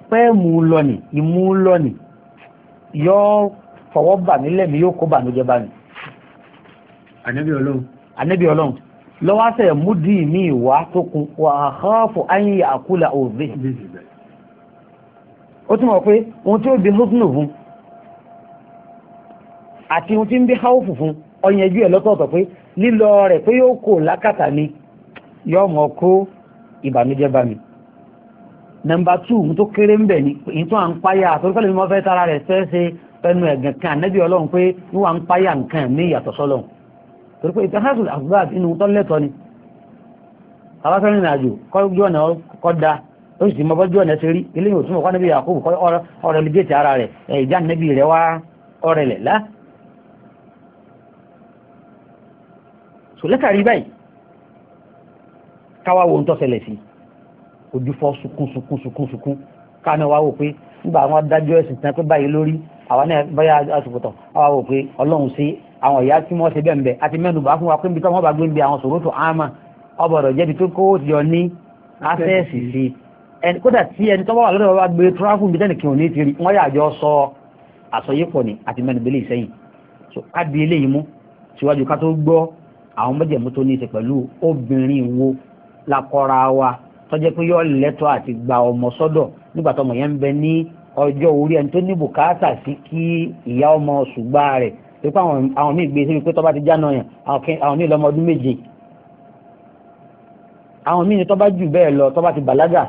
pẹ́ mú lọ́nì ìmú lọ́nì yọ fọwọ́ bà mí lẹ́mí yóò kó bà mí jẹ bá mi. ànábì ọlọ́run ànábì ọlọ́run lọ́wọ́ sẹ̀ múdìí mi ìwà tó kun wà á fún ayé àkúlà òbí ó túnmọ̀ pé ohun tí ó bí húsùnù fún àti ohun tí ń bí háwùfù fún ọ̀yẹ̀jú ẹ̀ lọ́tọ̀ọ̀tọ̀ pé lílọ rẹ̀ pé yóò kó lákàtà ni yóò mọ̀ kó ìbànújẹ́ bá mi nọmba tù ohun tó kéré ń bẹ̀ ni èyí tó à ń páyà àtọ́lùkọ́lẹ̀ mímọ́ fẹ́ tara rẹ̀ fẹ́ẹ́sẹ̀ fẹnu ẹ̀gàn kan ànẹ́bí ọlọ́run pé ń wà ń páyà nǹkan ní ìyàtọ̀ sọ́lọ́run torí pé ìtàkàtù àgbà àti inú tọ́lẹ̀tọ́ ni abáfẹ́rin ìrìnàjò kọ́jú ọ̀nà kọ́ da ó sì ti mọ bọ́jú ọ̀nà ṣe rí eléyìí òtún ọ̀kọ́ níbi Yakubu kọ́ ọ̀rọ̀ ẹlẹgẹ́tì ara rẹ̀ ìjà níbi rẹ̀ wá ọ̀rẹ́ lẹ̀ lá. sòlẹ́kà rí báyìí káwá wo ń tọ́sẹ̀lẹ̀ sí ojú fọ́ sunkún sunkún sunkún sunkún káàmì wá wò pé nígbà àwọn adájọ́ ẹ̀sìn tán pé báyìí lórí àwa náà báyà àsopọ̀tọ̀ àwa wò pé ọlọ́run sí àwọn ìyá tí wọ́n ṣe bẹ́ẹ̀ bẹ́ẹ̀ àti mẹ́nu bá fún wa pé níbi tí bá gbé ń àwọn sòrótò àmà ọbọ̀dọ̀ jẹ́bi tó kó yọ ní ásẹ́ẹ̀sì sí i ẹni kódà tí ẹni tó bá wà lọ́dọ̀ bá gbé tráfù bí tẹ́nìkan ò ní ti rí wọ́n yà jọ sọ àsọyípọ̀ ni àti mẹ́nubẹ́lẹ̀ ìsẹ́yìn so ká di eléyìí mú síwájú ká tó gbọ́ àwọn mẹ́jẹ̀mú tó ní í pẹ̀lú obìnrin wo lakọra wa tọ́jẹ́ pé yọ lẹ́tọ́ àti gba ọmọ sọ́dọ̀ nígbà tọmọ yẹn ń bẹ ní ọjọ́ orí ẹni tó ní bùkátà sí kí ìyá ọmọ ṣùgbà rẹ̀ pípa àwọn míì gbé síbi pé tọ́ ti jáná yàn àwọn míì lọ́mọ ọdún méje àwọn míì ni tọ́ bá jù bẹ́ẹ̀ lọ tọ́ ti bàlágà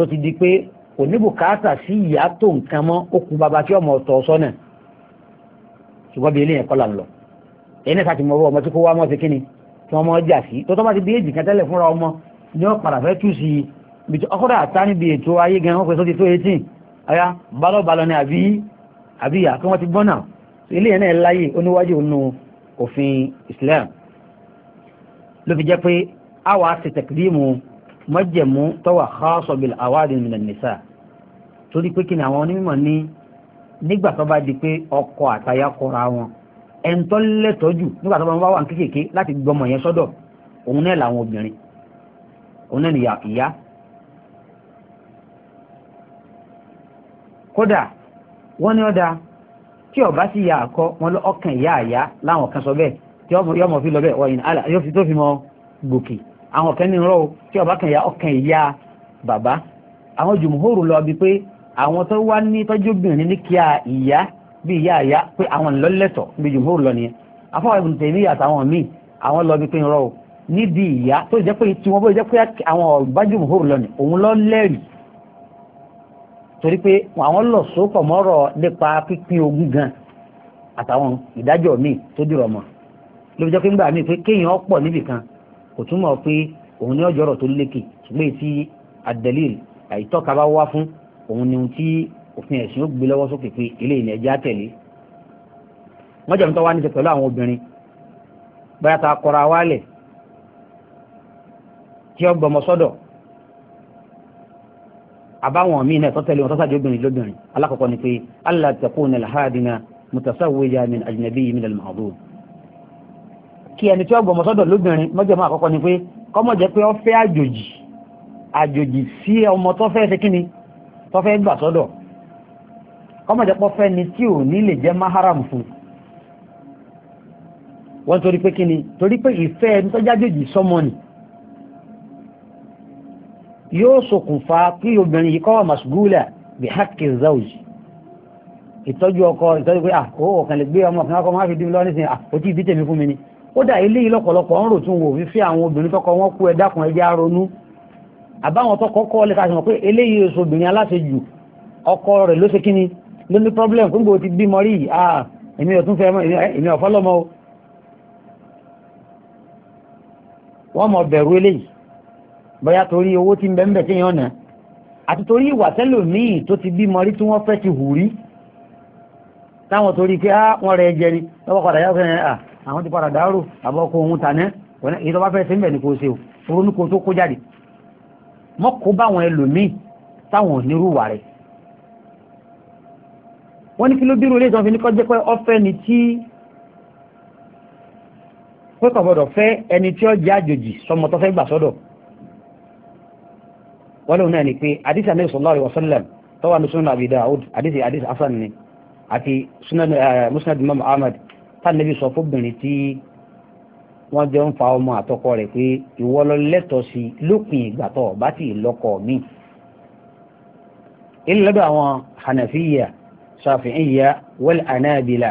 tó ti di pé kò ní bùkátà sí ìyá tó nǹkan mọ́ ó kú bàbá tí ọmọ ọ̀tọ̀ sọ́nà ṣùgbọ́n bí eléyẹn kọ́là ń lọ ẹni sáà ti ọmọ tí kó wá mọ́ sí kíni tí wọ́n mọ́ jà sí tó bá ti bí èjì kan tẹ́lẹ̀ fúnra ọmọ ni wọ́n padà fẹ́ tù sí i bìtú ọkọ̀dà àtá níbi ètò ayé gan wọ́n pè sọ́ti tó etí aya balọ̀ balọ̀ ni àbí àbí ìyá kí wọ́n ti gbọ́n náà eléyẹn náà láyè oníwájú òun òfin Islam ló fi jẹ́ pé a ṣe tẹ̀kídìmù mọ́jẹ̀mú tọ́wà xaasọ̀ bíi àwáàdì nínú nìsa torí pé kí ni àwọn onímọ̀ ní nígbà tó bá di pé ọkọ àtaya kọra wọn ẹ̀ńtọ́ lẹ́tọ́jú nígbà tó bá wà kékèké láti gbọmọ yẹn sọ́dọ̀ òun náà làwọn obìnrin òun náà nìyà ìyá kódà wọ́n ní ọ̀dà tí ọba sì yà àkọ́ wọn lọ ọkàn ìyá àyá láwọn kan sọ bẹ́ẹ̀ tí ọmọ fi lọ bẹ́ẹ̀ wọ́n yìí tó fi mọ gòkè àwọn kan ní rọ o tí ọba kan ya ọkàn ìyá bàbá àwọn jùmùhóòrò lọ bí pé àwọn tó wá ní tọ́jú obìnrin ní kíá ìyá bí ìyá ìyá pé àwọn ìlọlẹ́tọ̀ bí jùmùhóòrò lọ nìyẹn afọwọ́ ibùdó tèmi àtàwọn míì àwọn lọ bí pé rọ o nídìí ìyá tó jẹ́ pé tí wọ́n bó jẹ́ pé àwọn ọ̀bá jùmùhóòrò lọ ni òun lọ lẹ́rìí torí pé àwọn lọ sópọ̀ mọ́rọ̀ nípa pípín ogún gan àtàwọn ìdájọ́ míì tó dìrọ̀ mọ́ ló jẹ́ pé ńgbà míì pé kéèyàn pọ̀ níbì kan kò túmọ̀ pé òun ní ọjọ́rọ̀ tó lékè ṣùgbọ́n èyí tí adalil àìtọ́ka bá wá fún òun ni ohun tí òfin ẹ̀sìn ó gbé lọ́wọ́ sókè pé ilé ilẹ̀ ẹja tẹ̀lé wọ́n jẹ̀mú tó wá níṣe pẹ̀lú àwọn obìnrin bóyá ta kọra wálẹ̀ tí ó gbọmọ sọ́dọ̀ àbáwọn míì náà tọ́tẹ̀lé wọn tọ́sàdé obìnrin lóbìnrin alákọ̀ọ́kọ́ ni pé allah takuna alhadina mutasawwija min ajnabi min al-ma'dud kí ẹni tí ó gbọmọ sọ́dọ̀ lóbìnrin mọ́jọ́mọ́ àkọ́kọ́ ni pé kọ́mọ̀ jẹ́ pé ó fẹ́ àjòjì àjòjì sí ọmọ tó fẹ́ ṣe kíni tó fẹ́ gbà sọ́dọ̀ kọ́mọ̀ jẹ́ pé ó fẹ́ ni tí ò ní lè jẹ́ maharam fún wọ́n torí pé kíni torí pé ìfẹ́ ẹni tó jájòjì sọ́mọ ni yóò ṣokùnfà kí obìnrin yìí kọ́ wà masgula bí hakki zawji ìtọ́jú ọkọ ìtọ́jú pé ah ó ọ̀kan lè gbé ọmọ kan kọ́ máa fi dín lọ nísìnyí ah ó ti bí tèmi fún mi ni kódà eléyìí lọ́pọ̀lọpọ̀ ń rò tún wò wípé àwọn obìnrin tọkọ wọn kú ẹ dákun ẹjẹ́ aronú àbáwọn tọkọ kọ́ lè ka sọ pé eléyìí oṣù obìnrin aláṣejù ọkọ rẹ̀ ló ṣe kíni ló ní problem fún gbòó ti bímọ rí yìí ah èmi ò tún fẹ́ èmi ò fọ́lọ́mọ o wọ́n mọ̀ bẹ̀rù eléyìí bóyá torí owó tí ń bẹ ń bẹ kéèyàn nà àti torí ìwà tẹ́lòmíì tó ti ah àwọn ti padà dárò àbọ̀ kó ohun tàná èyí tó bá fẹ́ sẹ́ńbẹ̀ ni kò ṣe o ronú kó tó kó jáde mọ́ kó báwọn ẹlòmíì táwọn ò nírú wà rẹ̀ wọ́n ní kí ló bírò léṣan fi ní kọ́ jẹ́ pé ọ̀fẹ́ ni tí pé kò gbọ́dọ̀ fẹ́ ẹni tí ó jẹ́ àjòjì sọmọ tó fẹ́ gbà sọ́dọ̀ wọ́n lóun náà ni pé àdìsí àmì sallallahu alaihi wasallam tọ́wọ́ àmì sunan Abi àdìsí àdìsí hasan ni àti sunan eh, musnad imam Ahmed tánàbí sọ fóbìnrin tí wọ́n jọ ń fa ọmọ àtọkọ rẹ̀ pé ìwọ ló lẹ́tọ̀ọ́ sí lópin ìgbà tó bá ti lọ́kọ mi. ilé lọ́dọ̀ àwọn hanafiya shafi'iya wal anabila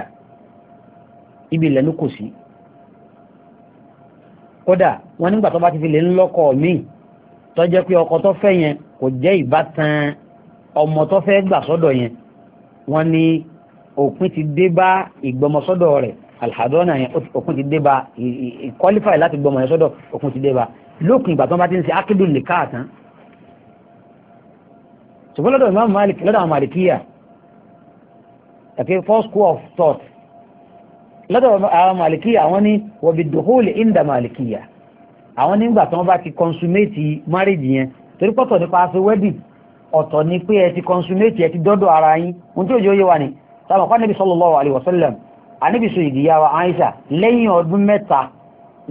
ibi ìlẹ́nu kò sí. kódà wọ́n nígbà tó bá ti fi lè ń lọ́kọ mi tó pé ọkọ tó fẹ́ yẹn kò jẹ́ ìbátan ọmọ tó fẹ́ gbà sọ́dọ̀ yẹn wọ́n ní òpin ti dé bá ìgbọmọsọ́dọ̀ rẹ̀ alhadona yẹn òpin ti dé bá ìkọlífàì láti gbọmọ yẹn sọ́dọ̀ òpin ti dé bá lókun ìgbà tó bá ti ń ṣe akidu nìka tán ṣùgbọ́n lọ́dọ̀ ìmáàmù Malik lọ́dọ̀ àwọn malikiya ẹ̀kẹ́ four school of thought lọ́dọ̀ àwọn malikiya àwọn ní wọ̀bi dòhóòlì ìndà malikiya àwọn nígbà tí wọ́n bá ti consummate marriage yẹn torí pọ̀tọ̀ nípa aṣọ wedding ọ̀tọ̀ ni pé ẹ ti consummate ẹ ti dọ́dọ̀ ara yín ohun tí òjò yé wa ni sábà kọ́ níbi sallallahu alaihi wasallam àníbìsọ ìdíyàwó Aisha lẹ́yìn ọdún mẹ́ta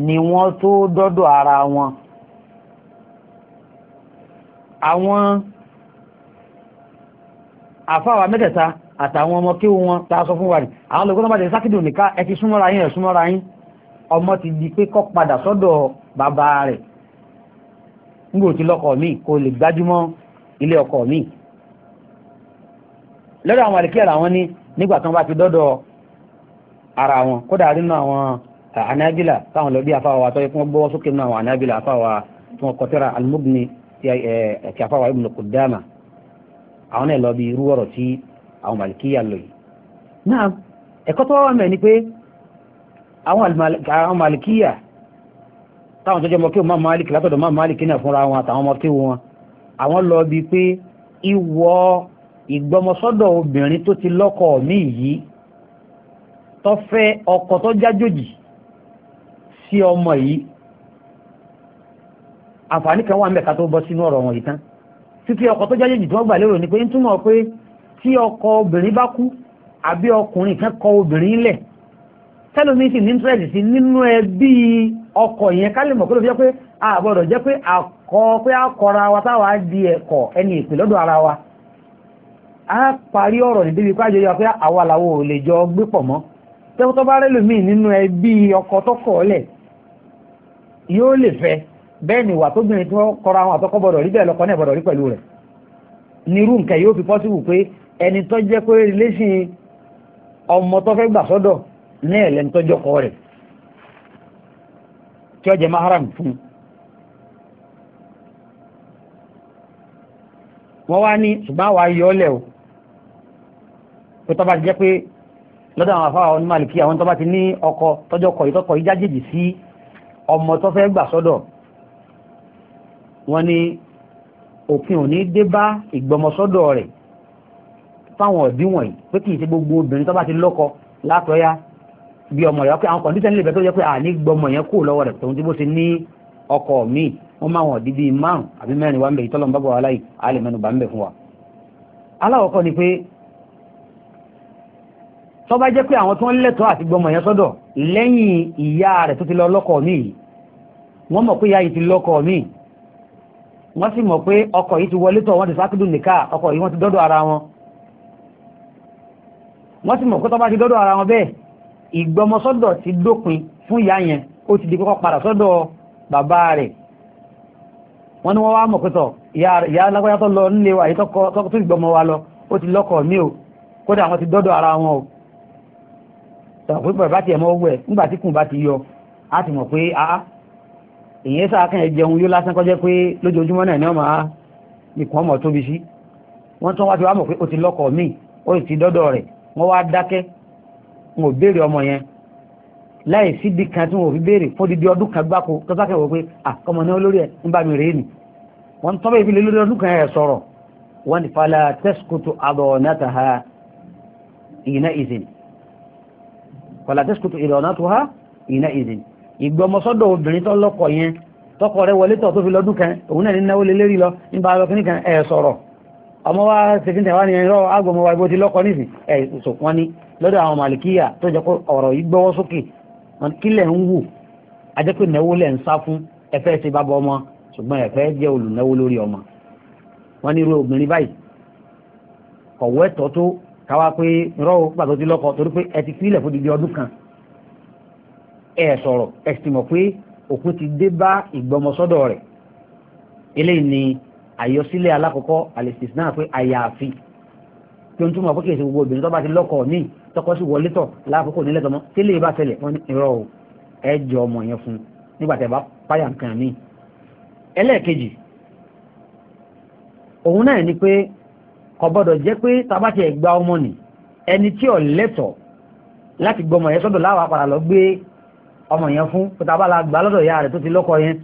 ni wọ́n tó dọ́dọ̀ ara wọn àwọn àfáwà mẹ́tẹ̀ta àtàwọn ọmọ kí wọn ta sọ fún wa rẹ̀ àwọn olùkọ́ náà bá ti sákìdì òníká ẹ ti súnmọ́ra yín ẹ̀ súnmọ́ra yín ọmọ ti di pé kọ́ padà sọ́dọ̀ bàbá rẹ̀ nígbò tí lọ́kọ̀ mi kò lè gbájúmọ́ ilé ọkọ mi lọ́dọ̀ àwọn àlèkí ẹ̀rọ àwọn ní nígbà kan bá ti dọ́dọ̀ ara wọn kódà nínú àwọn anábìlà táwọn lọ bí afáwa wa tọ́jú fún gbọ́wọ́ sókè nínú àwọn anábìlà afáwa tí wọ́n kọtẹ́ra al-Mughni ti afáwa Ibn Qudama àwọn náà lọ bí irú ọ̀rọ̀ tí àwọn malikiya lò yìí. náà ẹ̀kọ́ tó wá mẹ́ ni pé àwọn malikiya táwọn tó jẹ́ kí wọ́n máa Malik látọ̀dọ̀ máa Malik náà fúnra wọn àtàwọn ọmọ kí wọn àwọn lọ bí pé ìwọ ìgbọmọsọ́dọ̀ obìnrin tó ti lọ́kọ mi yìí tó fẹ́ ọkọ tó jájòjì sí ọmọ yìí àǹfààní kan wà ń bẹ̀ ká tó bọ́ sínú ọ̀rọ̀ wọn yìí tán títí ọkọ tó jájòjì tí wọ́n gbà lérò ni pé ń túmọ̀ pé tí ọkọ obìnrin bá kú àbí ọkùnrin kan kọ obìnrin lẹ̀ tẹ́lómi sì ní interest sí nínú ẹbí ọkọ yẹn ká lè mọ̀ pé ló fi jẹ́ pé àbọ̀dọ̀ jẹ́ pé àkọ́ pé àkọ́ra wa táwa di ẹ̀kọ́ ẹni ìpè lọ́dọ̀ ara wa a parí ọ̀rọ̀ ní débi pàjọ yọ pé àwa làwọn ò lè jọ gbé pọ̀ mọ́ tẹ́wọ́ tó bá rẹ́lòmíì nínú ẹbí ọkọ tó kọ̀ ọ́lẹ̀ yóò lè fẹ́ bẹ́ẹ̀ ni wà tóbìnrin tó kọra àwọn àtọ́kọ́ bọ̀dọ̀ rí bẹ́ẹ̀ lọ́kọ náà bọ̀dọ̀ rí pẹ̀lú rẹ̀ nírú nǹkan yóò fi pọ́sibù pé ẹni tó jẹ́ pé relation ọmọ tó fẹ́ gbà sọ́dọ̀ ní ẹ̀lẹ́ni tó jọkọ rẹ̀ tí ó maharam fún un wá ní ṣùgbọ́n àwa yọ ọ́ lẹ̀ o pé tọ́ba ti jẹ́ pé lọ́dọ̀ àwọn afáwà onímọ̀ àlìkí àwọn tọ́ba ti ní ọkọ tọ́jọ́ kọ̀ ìtọ́kọ̀ yìí jájèjì sí ọmọ tó fẹ́ gbà sọ́dọ̀ wọn ni òfin ò ní dé bá ìgbọmọsọ́dọ̀ rẹ̀ fáwọn ọ̀dí wọ̀nyí pé kì í ṣe gbogbo obìnrin tọ́ba ti lọ́kọ látọ̀ọ́yá bí ọmọ rẹ̀ àwọn kọ̀ǹdíṣẹ́ nílẹ̀ tó yẹ pé àní gbọmọ yẹn kúrò lọ́wọ́ rẹ̀ tòun tí bó ṣe ní ọkọ míì wọ́n máa wọ̀n dídí márùn àbí mẹ́rin wá ń bẹ̀ ìtọ́lọ́mbàbọ̀ aláì alẹ́ mẹ́nu bá ń bẹ̀ fún wa. aláwọ̀kọ́ ni pé tó bá jẹ́ pé àwọn tó ń lẹ́tọ̀ọ́ àti gbọmọ yẹn sọ́dọ̀ lẹ́yìn ìyá rẹ̀ tó ti lọ lọ́kọ mi yìí wọ́n mọ̀ pé ìyá yìí ti lọ́kọ mi wọ́n sì mọ̀ pé ọkọ yìí ti wọlé tọ̀ wọ́n ti sákìdù nìka ọkọ yìí wọ́n ti dọ́dọ̀ ara wọn wọ́n sì mọ̀ pé tó bá ti dọ́dọ̀ ara wọn bẹ́ẹ̀ ìgbọmọsọ́dọ̀ ti dópin fún ìyá yẹn ó ti di kọ́kọ́ padà sọ́dọ̀ bàbá rẹ̀ wọ́n ní wọ́n wá mọ̀ pé tọ̀ ìyá alágbáyà tó lọ nílé wa yìí tó ti gbọmọ wa lọ ó ti lọ́kọ mi o kódà wọ́n ti dọ́dọ̀ ara wọn o tọ̀ pé bọ̀rọ̀ bá tiẹ̀ mọ́ owó nígbà tí kùn bá ti yọ á ti mọ̀ pé a èyí sáà kàn ẹ jẹun yóò lásán kọjá pé lójoojúmọ́ náà ni wọ́n máa nìkan mọ̀ tóbi sí wọ́n tún wá ti wá mọ̀ pé o ti lọ́kọ̀ míì o ti dọ́dọ̀ rẹ̀ wọ́n wá dákẹ́ n ò béèrè ọmọ yẹn láì síbi kan tí wọn ò fi béèrè fódìdí ọdún kan gbáko tọ́sákẹ́ wọ pé àkọmọ náà lórí ẹ̀ ń bá mi rèé nì wọ́n tọ́ bẹ́ẹ̀ fi lé lórí ọdún kan ẹ̀ sọ̀rọ̀ wọ́n ti falẹ̀ tẹ́síkùtù àbọ̀ náà tà ha ìyìnà wàlá tẹ́sùkùtù ìrọ̀nà tó há ìná ìdì ìgbọmọsọ́dọ̀ obìnrin tó lọ́kọ yẹn tọkọ rẹ wọlé tọ̀ tó fi lọ́dún kan òun náà ní náwó lé lérí lọ nípa lọ kíní kan ẹ̀ sọ̀rọ̀ ọmọ wa ṣèkí tẹ̀wá ni ẹ̀rọ agbọmọ wa ibo ti lọ́kọ nísì ẹ̀ sòpọ́n ní lọ́dọ̀ àwọn màlìkíyà tó jẹ́ pé ọ̀rọ̀ yìí gbọ́wọ́ sókè kílẹ̀ ń káwa pé rọ́ọ̀ pàtó ti lọ́kọ torí pé ẹ ti fílẹ̀ fún dídí ọdún kan ẹ sọ̀rọ̀ ẹ sì mọ̀ pé òkú ti dé bá ìgbọmọsọ́dọ̀ rẹ̀ eléyìí ni àyọsílẹ̀ alákọ̀ọ́kọ́ alexis náà pé àyàfi kí n túmọ̀ pé kì í ṣe gbogbo obìnrin tó bá ti lọ́kọ ní tọkọ sí wọlé tọ̀ láàkókò nílẹ̀ tọmọ tí lè bá tẹlẹ̀ wọn ní irọ́ o ẹ jọ ọmọ yẹn fún nígbà tẹ bá páyà nǹkan míì ẹlẹ́ẹ̀kejì òun náà ni pé kò gbọ́dọ̀ jẹ́ pé tabati ẹ̀ gba ọmọ nì ẹni tí ò lẹ́tọ̀ láti gbọmọ yẹn sọ́dọ̀ láwọn apàdà lọ gbé ọmọ yẹn fún kó tabala gbà lọ́dọ̀ ìyá rẹ̀ tó ti lọ́kọ yẹn.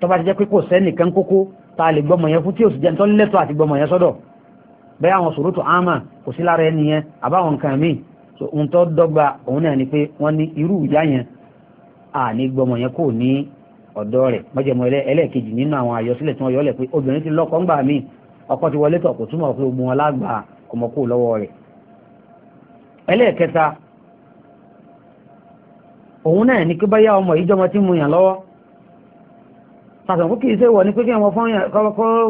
tọ́ba ti jẹ́ pé kò sẹ́nìkan kókó ta lè gbọmọ yẹn fún tí ò sì jẹ́ nítorí lẹ́tọ̀ àti gbọmọ yẹn sọ́dọ̀ bẹ́ẹ̀ àwọn sòrótò àmà kò sí lára ẹni yẹn àbáwọn nǹkan míì ohun tó dọ́gba òun náà ni pé wọ́n ní irú ìyá yẹn à ní gbọmọ yẹn kò ní ọ̀dọ́ rẹ̀ mọ́jẹ̀mọ́ ẹlẹ́ẹ̀kejì nínú àwọn àyọsílẹ̀ tí wọ́n yọ ọ́ lẹ̀ pé obìnrin ti ń gbà mí ọkọ̀ ti wọlé tọ̀ kò túmọ̀ pé ogun wọn lágbà ọmọkú lọ́wọ́ rẹ̀ ẹlẹ́ẹ̀kẹta òun náà ní kí bá ọmọ ìjọmọ tí mu yàn lọ́wọ́ sàtàn kìí ṣe wọ̀ ní pé kí wọn fọ́n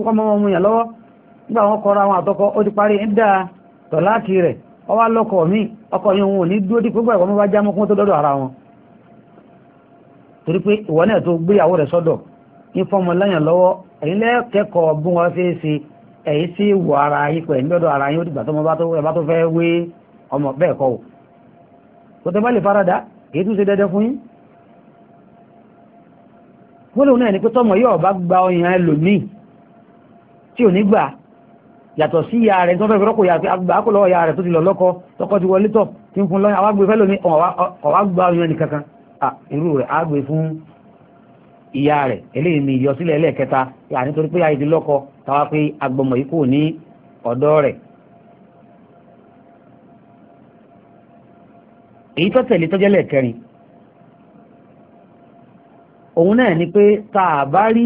kọ́mọ́ mu yàn lọ́wọ́ nígbà wọn torí pé ìwọ náà tó gbéyàwó rẹ̀ sọ́dọ̀ ní fọ́mọ lẹ́yìn lọ́wọ́ ẹ̀yin lẹ́kẹ̀kọ́ bí wọ́n ṣe é ṣe ẹ̀yin sì wọ ara yín pẹ̀ nílọ́dọ̀ ara yín ó dìgbà tó ọmọ bá tó fẹ́ wé ọmọ bẹ́ẹ̀ kọ́ o kò tẹ́ bá lè farada kì í tún ṣe dẹ́dẹ́ fún yín gbólóhùn náà ni pé tọmọ yóò bá gba ọyàn ẹlòmíì tí ò ní gbà yàtọ̀ sí ìyá rẹ̀ tó fẹ́ fi rọ́pò àgbà kò lọ́wọ́ ìyá rẹ̀ tó ti lọ lọ́kọ tọkọ ti wọlé tọ̀ tí ń fún lọ́yìn àwọn agbèfẹ́ lómi ọ̀wá gba ọyàn nìkankan irú rẹ̀ á gbé fún ìyá rẹ̀ eléyìí ni ìyọsílẹ̀ ẹlẹ́ẹ̀kẹta yà nítorí pé àìdí lọ́kọ táwa pé agbọmọ yìí kò ní ọ̀dọ́ rẹ̀. èyí tó tẹ̀lé tọ́jọ́ lẹ́ẹ̀kẹrin òun náà ni pé tá a bá rí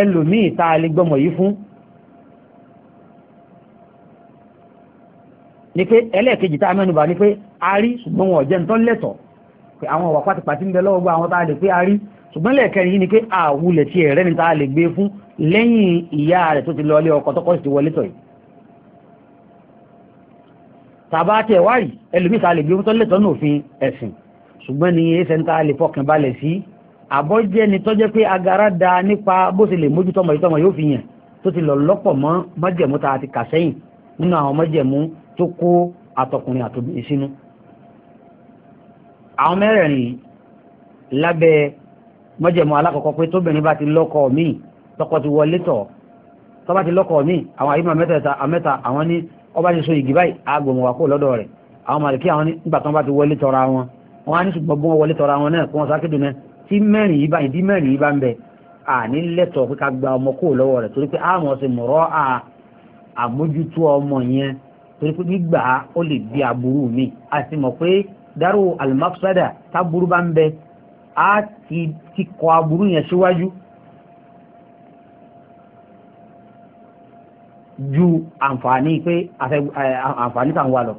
ẹlòmíì tá a lè gbọmọ yìí fún ni pé ẹlẹ́ẹ̀kejì tá a mẹ́nubà ni pé a rí ṣùgbọ́n wọn ò jẹ́ nítorí lẹ́tọ̀ pé àwọn ọ̀wà pátipàti ń bẹ lọ́wọ́ gbọ́ àwọn tá a lè pé a ṣùgbọ́n lẹ́ẹ̀kẹrin yìí ni pé àwulẹ̀ tiẹ̀ rẹ́ni tá a lè gbé fún lẹ́yìn ìyá rẹ̀ tó ti lọ ilé ọkọ tọkọ sì ti wọlé tọ̀ yìí tàbá tẹ wáyì ẹlòmíì tá a lè gbé wọn tó ní òfin ẹ̀sìn ṣùgbọ́n ní ẹsẹ ń ta lè fọkàn balẹ̀ sí àbọjẹ ni tọjẹ pé agara da nípa bó ṣe lè mójútó ọmọ ìtọmọ yóò fi yàn tó ti lọ lọ́pọ̀ mọ́ májẹ̀mú tá a ti kà sẹ́yìn nínú àwọn májẹ̀mú tó kó àtọkùnrin àtòbí sínú àwọn mẹ́rẹ̀ẹ̀rin lábẹ́ mọ́jẹ̀mọ́ alákọ̀ọ́kọ́ pé tóbìnrin bá ti lọ́kọ míì tọkọ ti wọlé tọ̀ tọ́ba ti lọ́kọ míì àwọn àyíká mẹ́tẹ̀ẹ̀ta àmẹ́ta àwọn ní ọba ti so ìgì báyìí àgbòmọ̀wá kó lọ́dọ̀ rẹ̀ àwọn màlìkí àwọn nígbà tán bá ti wọlé tọra wọn wọn á ní ṣùgbọ́n bí wọ́n wọlé tọra wọn náà kó wọn sáké dunẹ tí mẹ́rin yìí bá dárò almafsada táburú bá ń bẹ a ti ti kọ aburú yẹn síwájú ju àǹfààní pé àǹfààní kan wà lọ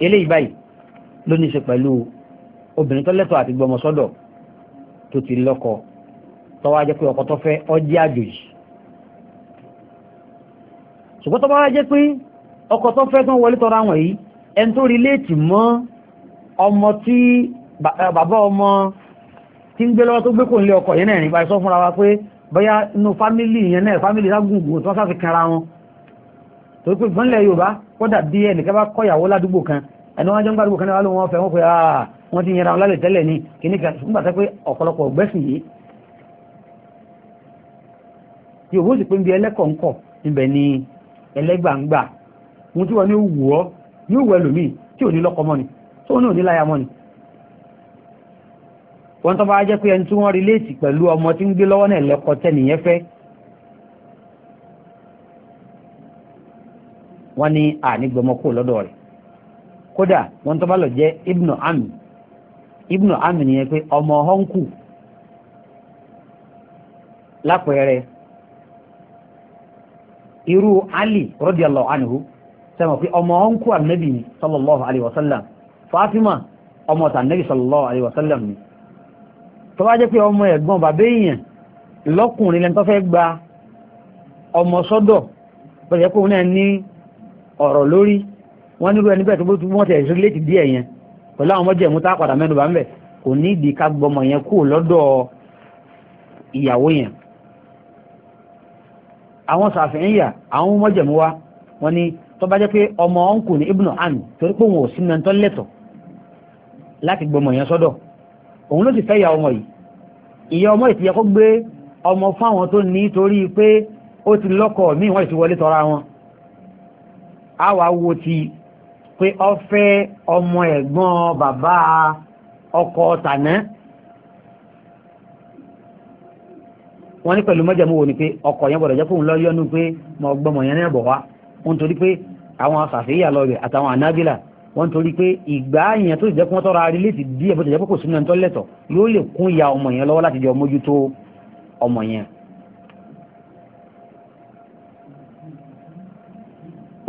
eléyìí báyìí ló ní í ṣe pẹ̀lú obìnrin tó lẹ́tọ̀ọ́ àti gbọmọ sọ́dọ̀ tó ti lọ́kọ tó wá jẹ́ pé ọkọ tó fẹ́ ó jẹ́ ṣùgbọ́n tó bá pé ọkọ tó fẹ́ tó ń wọlé tọ́ra wọn ẹni tó relate mọ́ ọmọ tí eh, bàbá ọmọ tí ń gbé lọ́wọ́ tó gbé kò ń lé ọkọ̀ yẹn náà nípa ìsọ fúnra wa pé bóyá inú fámìlì yẹn náà fámìlì ságùngùn tó sáfi kanra wọn torí pé ìfúnlẹ̀ Yorùbá kódà bí ẹnìkan bá kọ́yàwó ládùúgbò kan ẹni wọn jẹ́ ń gbàdúgbò kan náà wọn fẹ́ wọn pé ah, wọn ti yẹra wọn lálẹ́ tẹ́lẹ̀ ni kìnnìkan nígbà tó pé ọ̀pọ̀lọpọ̀ ọ̀gbẹ́sìn yìí yòówó sì pé ń ẹlẹ́kọ̀ọ́ ńkọ̀ níbẹ̀ ni ẹlẹ́gbàǹgbà wọn tí wọn ní wù yóò wẹ lòmíì tí ò ní lọ́kọ mọ́ ni tó ní ò ní láya mọ́ ni. wọ́n tó bá jẹ́ pé ẹni tí wọ́n relate pẹ̀lú ọmọ tí ń gbé lọ́wọ́ náà lẹ́kọ tẹ́nìyẹn fẹ́. wọ́n ní ànígbọmọ kó lọ́dọ̀ rẹ̀ kódà wọ́n tó bá lọ jẹ́ ibnu ami ibnu ami nìyẹn pé ọmọ họ́ńkù lápẹẹrẹ irú ali radiyallahu anhu sẹ́mọ̀ pé ọmọ ọ̀nkú ànábì ni sallallahu alayhi wa sallam fatima ọmọ tànábì sallallahu alayhi wa sallam ni tó bá jẹ́ pé ọmọ ẹ̀gbọ́n bàbá èèyàn lọ́kùnrin lẹ́ni tó fẹ́ gba ọmọ sọ́dọ̀ bẹ́ẹ̀ jẹ́ pé òun náà ní ọ̀rọ̀ lórí wọ́n nírú ẹni bẹ́ẹ̀ tó bójú wọ́n ti rìlẹ́tì díẹ̀ yẹn pẹ̀lú àwọn ọmọdé ẹ̀mú tá a padà mẹ́nu bá ń kò ní ìdí ká gbọmọ yẹn kú lọ́dọ̀ ìyàwó yẹn àwọn sàfihàn yà àwọn ọmọdé ẹ̀mú wa wọ́n ní tó bá jẹ́ pé ọmọ ọ̀nkù ní ibùnà àmì torí pé òun ò sí nàntọ́ lẹ́tọ̀ láti gbọmọ yẹn sọ́dọ̀ òun ló sì fẹ́ ìyá ọmọ yìí ìyá ọmọ yìí ti yẹ kó gbé ọmọ fáwọn tó ní torí pé ó ti lọ́kọ míì wọ́n ti wọlé tọ́ra wọn á wá wo ti pé ó fẹ́ ọmọ ẹ̀gbọ́n bàbá ọkọ tàná wọ́n ní pẹ̀lú mọ́jẹ̀mú wo ni pé ọkọ yẹn gbọ́dọ̀ jẹ́ fóun lọ́yọ́nú pé mo gbọmọ yẹn náà bọ̀ wá wọ́n torí pé àwọn sàfihàn lọ rẹ̀ àtàwọn ànábìlà wọ́n torí pé ìgbà yẹn tó jẹ́ kí wọ́n tọ́ra arí létí díẹ̀ bó ti jẹ́ kókò sínú ẹni tó lẹ́tọ̀ yóò lè kún ìyá ọmọ yẹn lọ́wọ́ láti jọ mójútó ọmọ yẹn.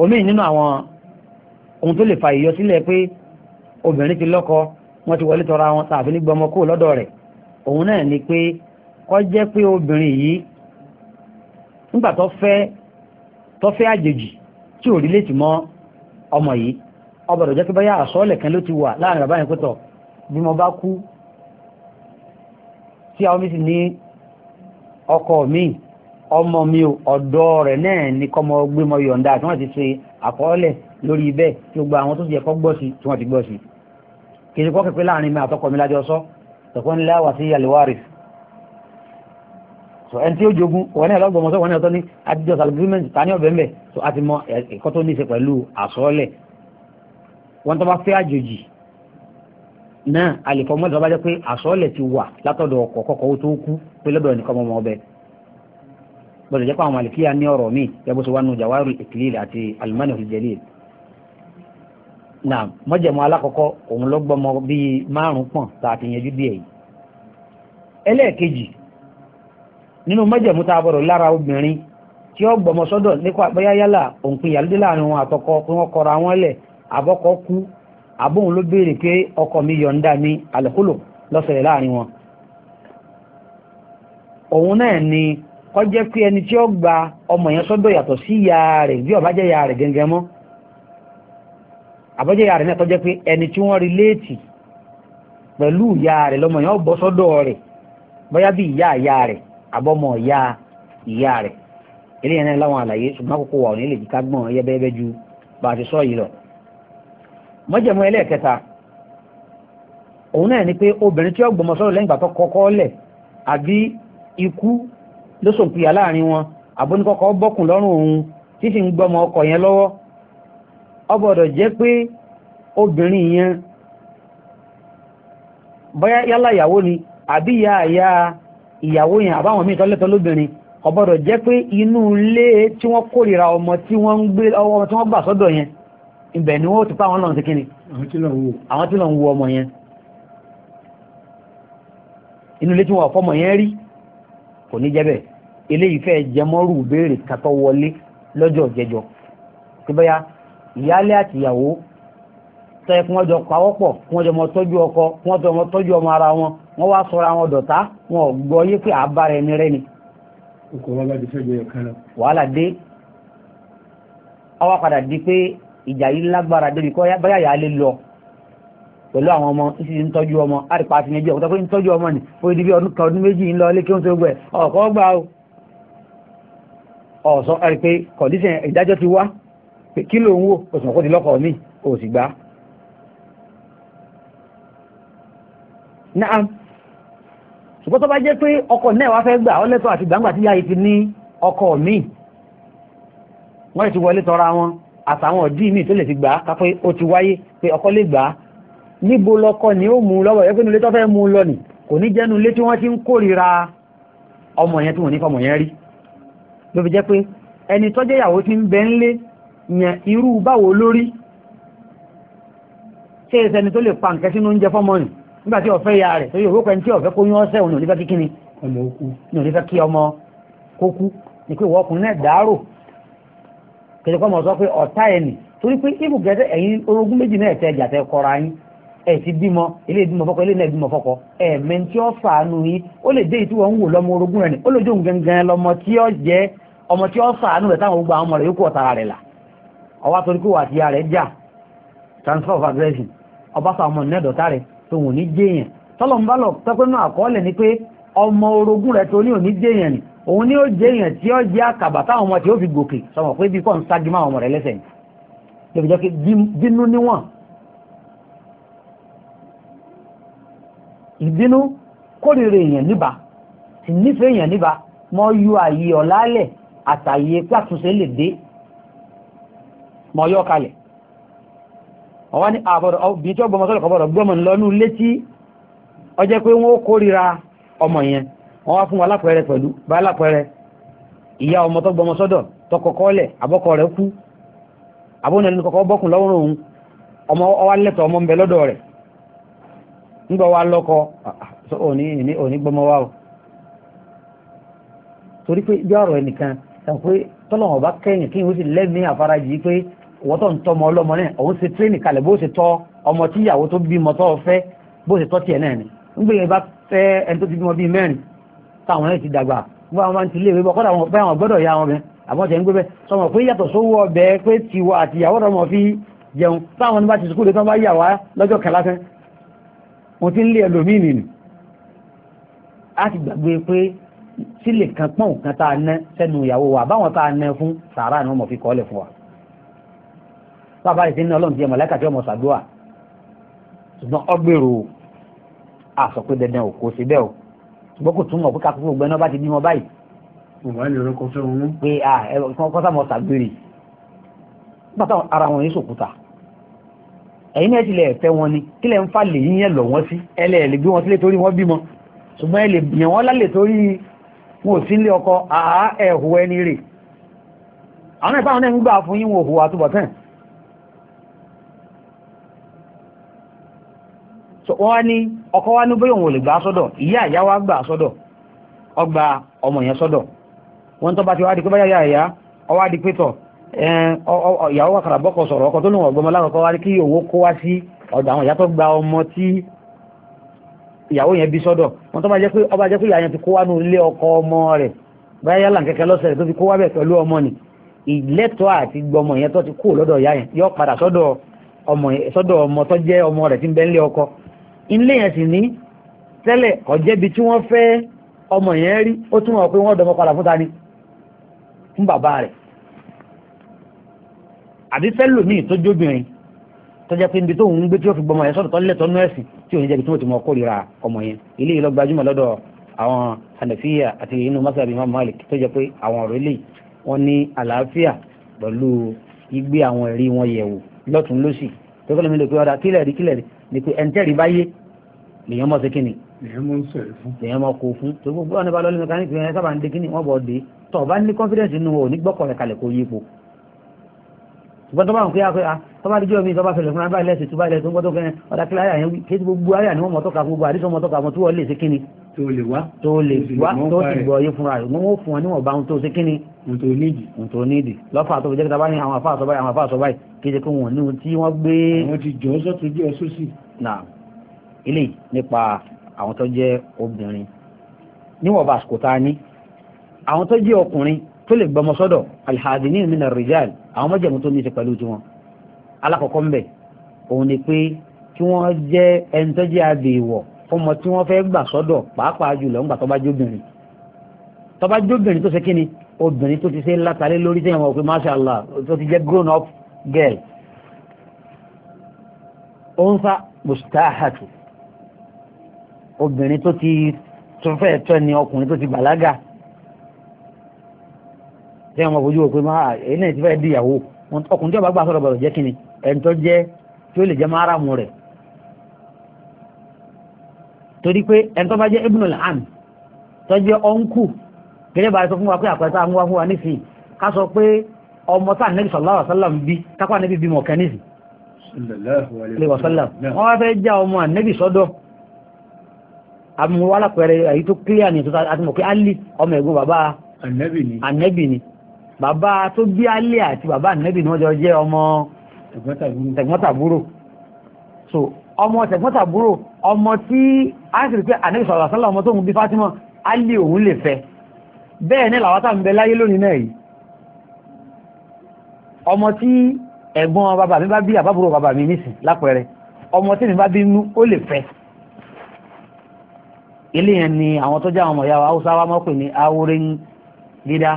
omi nínú àwọn ohun tó lè fa ìyọsílẹ̀ pé obìnrin ti lọ́kọ wọ́n ti wọlé tọ́ra wọn tàbí ní gbọmọ kó lọ́dọ̀ rẹ̀ òun náà ni pé kó jẹ́ pé obìnrin yìí nígbà tó fẹ́ tó fẹ́ àjèjì tí ò rí létí mọ́ ọmọ yìí ọbọ̀dọ̀ jẹ́ pé báyà àsọ́ọ̀lẹ̀ kan ló ti wà láàrin bàbá yẹn pẹ́tọ̀ bí mo bá kú tí àwọn míì sì ní ọkọ mi ọmọ mi ọ̀dọ́ rẹ̀ náà ní kọ́mọ gbé mọ yọ̀ǹda tí wọ́n ti ṣe àkọọ́lẹ̀ lórí bẹ́ẹ̀ tí gbogbo àwọn tó ti yẹ kọ́ gbọ́ sí tí wọ́n ti gbọ́ sí kì í ṣe kọ́ kẹ́kẹ́ láàrin mi àtọkọ mi lájọ sọ tọ̀kọ́ ńlá wà sí àlùwárìsì so ẹni tí ó jogun wọn náà lọgbọmọsọ wọn náà tọ ní adijọs agreement ta ní ọbẹ mbẹ so a ti mọ ẹ̀kọ́ tó ní í ṣe pẹ̀lú àsọọlẹ wọn tó bá fẹ́ àjòjì náà àlèkọ mọ ìjọba jẹ pé àsọọlẹ ti wà látọ̀dọ̀ ọkọ kọkọ ó tó kú pé lọ́dọ̀ nìkan mọ ọbẹ gbọ́dọ̀ jẹ pé àwọn malikiya ní ọ̀rọ̀ mi yàgò sọ wà nù jawaru ìkìlìl àti alimani ìjẹlì náà mọjẹmọ alákọ̀ọ́kọ́ òun lọgbọmọ bíi márùn pọn tá a ti yanjú díẹ̀ yìí ẹlẹ́ẹ̀kejì nínú májẹ̀mú tá a bọ̀rọ̀ lára obìnrin tí ó gbọmọ sọ́dọ̀ nípa bóyá yálà òǹpin ìyàlódé láàrin wọn àtọkọ pé wọ́n kọra wọn lẹ̀ àbọ́kọ kú àbóhun ló béèrè pé ọkọ mi yọ̀ǹda ní àlẹ́kùlò lọ́sẹ̀rẹ̀ láàrin wọn. òun náà ni kó jẹ́ pé ẹni tí ó gba ọmọ yẹn sọ́dọ̀ yàtọ̀ sí ìyá rẹ̀ bí ó ìyá rẹ̀ gẹ́gẹ́ mọ́ ìyá rẹ̀ náà jẹ́ pé ẹni tí wọ́n rí léètì pẹ̀lú abọ́mọ ìyá ìyá rẹ̀ eléyìí náà láwọn àlàyé ṣùgbọ́n àkókò wà òní lè jí ká gbọ́n yẹ́bẹ́yẹ́bẹ́ ju bá a ti sọ yìí lọ. mọ́jẹ̀mú ẹlẹ́ẹ̀kẹta òun náà ni pé obìnrin tí ó gbọmọ sọ́rọ̀ lẹ́yìn ìgbà tó kọ́kọ́ lẹ̀ àbí ikú ló sòpìyà láàrin wọn àbóníkọ́kọ́ bọ́kùn lọ́rùn òun títí ń gbọmọ ọkọ yẹn lọ́wọ́ ó gbọ́dọ̀ jẹ́ pé obìnrin yẹn bóyá yálà ìyàwó ni àbí ìyá àyà ìyàwó yẹn àbáwọn míì tọ́lẹ́tọ́ lóbìnrin ọ̀bọ̀dọ̀ jẹ́ pé inú ilé tí wọ́n kórìíra ọmọ tí wọ́n ń gbé ọmọ tí wọ́n gbà sọ́dọ̀ yẹn ibẹ̀ ni wọ́n ti pa àwọn náà ti kíni àwọn tí lọ́n wo ọmọ yẹn inú ilé tí wọ́n fọmọ yẹn rí kò ní jẹ́ bẹ́ẹ̀ eléyìí fẹ́ jẹmọ́rù béèrè kátó wọlé lọ́jọ́ jẹjọ́ tí ìyáálé wọ́n wá sọra wọn dọ̀tá wọn ò gbọ́ yé pé àbára ẹni rẹ ni. ọkọ̀ wa bá ti fẹ́ gbẹ̀yẹ̀ kan lọ. wàhálà dé àwa padà di pé ìjà yìí lágbára débi kọ́ báyà yà á lè lọ pẹ̀lú àwọn ọmọ ní sísè ń tọ́jú ọmọ àrípa àti ẹbí ọ̀kọ́tà pé ń tọ́jú ọmọ ni ó di bí ọdún kan ọdún méjì ń lọ ilé kí wọ́n tó gbẹ ọ̀kọ́ gbà ó ọ̀sán ẹ̀rí pé kọ̀díṣẹ̀ ìdájọ́ ti wá pé kí ló ń wò òsùn kó ti lọ́kọ̀ mi ò sì gbà. naam ṣùgbọ́n tó bá jẹ́ pé ọkọ náà wá fẹ́ gbà ọ lẹ́tọ̀ọ́ àti gbàǹgbà tí yáyé ti ní ọkọ mi wọ́n ti wọlé tọ́ra wọn àtàwọn ọ̀dí mi tó lè ti gbà ká pé ó ti wáyé pé ọkọ lè gbà níbo lọkọ ni ó mú un lọ́wọ́ yẹ pé nulẹ̀ tó fẹ́ mú un lọ nì kò ní jẹ́nu ilé tí wọ́n ti ń kórìíra ọmọ yẹn tí wọ́n ní fọmọ yẹn rí ló fi jẹ́ pé ẹni tọ́jẹ́ ìyàwó ti ń bẹ ńlé yẹn irú báwo lórí ṣé ẹsẹ̀ ni tó lè pa nǹkan sínú oúnjẹ fọmọ yìí nígbà tí ọ̀fẹ́ ya rẹ̀ torí òwò pẹ̀lú tí ọ̀fẹ́ kó yún ọ́sẹ̀ òun ní onífẹ́ kíkíni ọmọ òkú ní onífẹ́ kí ọmọ kó kú ní pé ìwọ ọkùnrin náà dàárò kẹjọpọ̀ mọ̀ sọ pé ọ̀tá ẹ̀ nì torí pé ibù gẹ́gẹ́ ẹ̀yin orogún méjì náà tẹ ẹ̀jà tẹ kọra yín ẹ̀ ti bímọ ilé ìbímọ fọkọ ilé ìbímọ fọkọ ẹ̀ mẹ́ntí ọ́ fàánù yín ó lè dé ìtú wọn ń wò lọ́mọ orogún rẹ̀ ni ó lè dóhùn gangan lọ́mọ tí ó jẹ́ ọmọ tí ó fàánù rẹ̀ táwọn gbogbo àwọn ọmọ rẹ̀ yókù ọ̀tara rẹ̀ là ọwá torí wà á ti ya jà transfer of aggression ọba fà ọmọ nẹ́dọ̀tá rẹ̀ tóun ò ní jẹ́yàn tọ́lọ́n bá lọ tọ́pẹ́ àkọọ́lẹ̀ ni pé ọmọ orogún rẹ̀ tó ní ò ní ni òun ni ó jẹ́yàn tí ó jẹ́ àkàbà táwọn ọmọ tí ó fi gòkè sọmọ pé bí kò ń ọmọ rẹ lẹ́sẹ̀ ni jẹ́ pé bínú níwọ̀n ìbínú èèyàn níbà sì nífẹ̀ẹ́ àyè ọ̀làálẹ̀ àtàyè pàtúnṣe lè dé mọ yọ ọwọ́ ní àbọ̀dọ̀ obìnrin tí ó gbọmọ sọ́lọ̀ kọ́bọ̀dọ̀ gbọmọ lọ́nú létí ọjẹ́ pé wọ́n kórira ọmọ yẹn wọ́n wá fún wa lápẹẹrẹ pẹ̀lú báyìí lápẹẹrẹ ìyá ọmọ tó wa lọ́kọ òní gbọmọ wa o torí pé n ó sì lẹ́mìí àfarajì pé wọ́n tó ń tọ́ ọmọ ọlọ́mọ náà òun ṣe tírénì kalẹ̀ bó ṣe tọ́ ọmọ tí ìyàwó tó bí mọ́tọ́ ọ̀fẹ́ bó ṣe tọ́ tiẹ̀ náà ni ń gbé yẹn bá fẹ́ ẹni tó ti bímọ bíi mẹ́rin táwọn náà ti dàgbà gbọ́ àwọn máa ń ti léèwé bọ́ kọ́dà wọn bẹ́ẹ̀ wọn gbọ́dọ̀ ya wọn bẹ́ẹ̀ àbọ̀ tẹ̀ ń gbé bẹ́ẹ̀ sọmọ pé yàtọ̀ sówó ọbẹ̀ pé tiwa àti ìyàwó rẹ̀ mọ̀ fi jẹun táwọn bá ti sukú lè tán bá yà a ti gbàgbé pé sílè kan pọ́n kan tá a ná sẹ́nu ìyàwó wa báwọn tá a ná fún sàárà ni wọ́n mọ̀ fi kọ́ ọ́ lẹ̀ fún wa bàbá rẹ̀ ti ní ọlọ́run ti yẹ mọ̀lẹ́kà tí ọmọ sàdúà ṣùgbọ́n ọgbèrò àsọ pé dandan ò kó sí bẹ́ẹ̀ o ṣùgbọ́n kò túmọ̀ pé kakú gbẹ́ná bá ti bí wọn báyìí. ọ̀gá ni ọ̀rọ̀ kan fẹ́ wọn. pé à ẹ kọ́ sá mọ̀ sàgbèrè bàtà ara wọn yìí sòkúta ẹ̀yin náà tilẹ̀ fẹ́ wọn ni kílẹ̀ ń fa lè yíyan lọ̀ wọ́n sí ẹ lẹ̀ lè gbé wọn sílẹ̀ torí wọ́n bímọ ṣùgbọ́n ẹ lè bìyàn wọn lálẹ́ torí wọn ò sí ilé ọkọ àá ẹ̀hù ẹni rè àwọn ẹ̀fọ́ náà ń gbà fún yín wọn ò hùwà túbọ̀ ọ̀kọ́ wá ní ọkọ́ wá ní bóyọ̀ wọ́n lè gbà sọ́dọ̀ ìyá ìyá wá gbà sọ́dọ̀ ọgbà ọmọ yẹn sọ́dọ̀ wọ́n tó bá ti wá di pé báyà ìyá ọwá di pé tọ̀ ìyàwó wà kàràbọ́ kan sọ̀rọ̀ ọkọ̀ tó lóun ọ̀gbọ́n ọmọláwọ̀ kọ́ wá kí òwò kó wá sí ọ̀dọ̀ àwọn ìyá tó gba ọmọ tí ìyàwó yẹn bí sọ́dọ̀ wọ́n tó bá jẹ́ pé ọba jẹ́ pé ìyá yẹn ti kó wá nù lé ọkọ ọmọ rẹ̀ báyà yálà kẹ́kẹ́ lọ́sẹ̀ rẹ̀ tó fi kó wá bẹ̀ẹ̀ pẹ̀lú ọmọ ni ìlẹ́tọ̀ àti gbọmọ yẹn tó ti kó lọ́dọ̀ ìyá yẹn yọ padà sọ́dọ̀ ọmọ tó jẹ́ ọmọ rẹ̀ ti ń bẹ́ńlẹ̀ ọkọ ilé yẹn sì ní tẹ́lẹ̀ kò jẹ́bi tí wọ́n fẹ́ ọmọ yẹn rí ó túmọ̀ pé wọ́n dọmọ padà fún ni fún bàbá rẹ̀ àbí fẹ́lòmíì tó jóbìnrin tó jẹ́ pé ibi tó ń gbé tí ó fi gbọmọ yẹn sọ́dọ̀ tó lẹ̀ tọ́nú ẹ̀sìn tí ò ní jẹ́bi tí wọ́n ti mọ kórìíra ọmọ yẹn ilé yìí lọ gbajúmọ̀ lọ́dọ̀ àwọn hanafiya àti inú masabi imam malik tó pé àwọn ọ̀rọ̀ ilé wọn ní àlàáfíà pẹ̀lú gbígbé àwọn ẹ̀rí wọn yẹ̀wò lọ́tún lọ́sì tó kọ́ lómi pé ọ̀dà kílẹ̀ rí kílẹ̀ rí ni pé ẹ̀ńtẹ́rì bá yé lèyàn mọ̀ sí kíni. lèyàn mọ̀ ń sọ̀rọ̀ fún. lèyàn mọ̀ kó fún tó gbogbo ọ̀nà balọ̀ mẹkáníìkì yẹn sábà ń de kíni wọ́n bọ̀ de tọ̀ bá ní confidence nínú wọn ò ní gbọ́kọ̀ rẹ̀ kalẹ̀ kó yípo. ṣùgbọ́n tó bá wọn kéya pé a tó bá dijọ́ mi tó bá fẹlẹ̀ fún abáyé lẹ́sẹ̀ tó bá ilẹ̀ tó ń gbọ́ tó kẹ́rin ọ̀dà kílá ayà yẹn kéde gbogbo ayà ni wọ́n mọ̀ tọ́ka gbogbo àdìsọ́ mọ̀ tọ́ka mọ̀ tó wọ́n lè ṣe kíni. tó lè wá tó lè wá tó ti gbọ́ yé fúnra rẹ̀ wọ́n fún wọn níwọ̀n bá wọn tó ṣe kíni. ntò nídìí lọ́fà tó fi jẹ́ kí ta ní àwọn afáàsọ báyìí àwọn afáàsọ báyìí kéde kí wọ́n ní ohun tí wọ́n gbé. àwọn ti jọ sọ́tún bí sósì. náà eléyìí nípa àwọn tó jẹ́ obìnrin níwọ̀n bá àsìkò tá a ní àwọn tó jẹ́ ọkùnrin tó lè gbọmọ sọ́dọ̀ alhadini mina rijal àwọn mọ́jẹ̀mú tó ní í ṣe pẹ̀lú tiwọn alákọ̀ọ́kọ́ ńbẹ̀ òun ni pé kí wọ́n jẹ́ ẹni tó jẹ́ abèèwọ̀ fọmọ tí wọ́n fẹ́ gbà sọ́dọ̀ pàápàá jùlọ ńgbà tó bá jóbìnrin tó tó ṣe kíni obìnrin tó ti ṣe látàlé lórí tẹ̀yìn wọn pé masha allah tó ti jẹ́ grown up girl ó mustahatu obìnrin tó ti tún fẹ́ tọ́ ẹni ọkùnrin tó ti bàlágà tí wọn fojú wò pé máa ah, èyí náà ti fẹ́ di ìyàwó ọkùnrin tí wọn bá gbà sọ̀rọ̀ bọ̀rọ̀ jẹ́ kínni ẹni tó jẹ́ tí ó lè jẹ́ máramu rẹ̀ torí pé ẹni tó bá jẹ́ ibùnú làn tó jẹ́ ọ̀nkù gẹ́gẹ́ bá a sọ fún wa pé àpẹẹsẹ àwọn wa fún ká sọ pé ọmọ tá ànẹ́bí sọ̀láwà sálàm bí kápá ànẹ́bí bímọ kẹ́nìsì lè wọ̀ sálàm wọ́n wá fẹ́ já ọmọ ànẹ́bí sọ́dọ̀ àmúwálà pẹ̀rẹ̀ èyí tó clear ni ìtọ́ta àti mọ̀ pé Ali ọmọ ẹ̀gbọ́n bàbá ànẹ́bì ni bàbá tó bí Ali àti bàbá ànẹ́bì ni wọ́n jọ jẹ́ ọmọ tẹ̀gbọ́ntàbúrò so ọmọ tẹ̀gbọ́ntàbúrò ọmọ tí a sì rí pé ànẹ́bì sọ̀rọ̀ àṣálà ọmọ tó ń bí Fatima Ali òun lè fẹ́ bẹ́ẹ̀ ní làwọn tá ń bẹ láyé lónìí náà yìí ọmọ tí ẹ̀gbọ́n bàbá mi bá bí àbábúrò bàbá mi nísìn lápẹẹrẹ ọmọ tí mi bá bí ó lè fẹ́ eléyẹn ni àwọn tó jẹ́ àwọn ọmọ ìyá wa haúsá wa mọ̀ pé ní awúrẹ́yìn dídá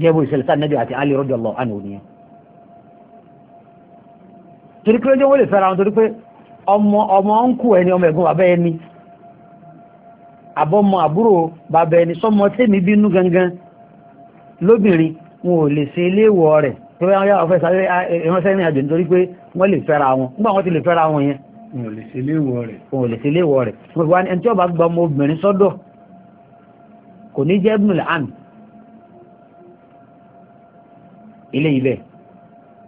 jẹ́bù ìṣẹ̀lẹ̀ sáà nẹ́bí àti alẹ́ rọ́jò lọ àná òníyàn. torí kí ló dé wọ́n lè fẹ́ra wọn torí pé ọmọ ọmọ ńkù ẹni ọmọ ẹ̀gbọ́n bàbá ẹni àbọ̀mọ àbúrò bàbá ẹni sọmọ tẹ́mi bínú gangan lóbìnrin wọn ò lè ṣe iléèwọ̀ rẹ̀ tó bá yà wọ́n fẹ́ sáré ìránṣẹ́ ní nítorí pé wọ́n lè fẹ́ra wọn nígbà wọn ti lè fẹ́ra wọn yẹn wọn ò lè ṣe léèwọ̀ rẹ̀. wọn ò lè ṣe léèwọ̀ rẹ̀ wọn ni ẹni tí ọba gba ọmọ obìnrin sọ́dọ̀ kò ní jẹ́ ibùdó àmì ilé ibẹ̀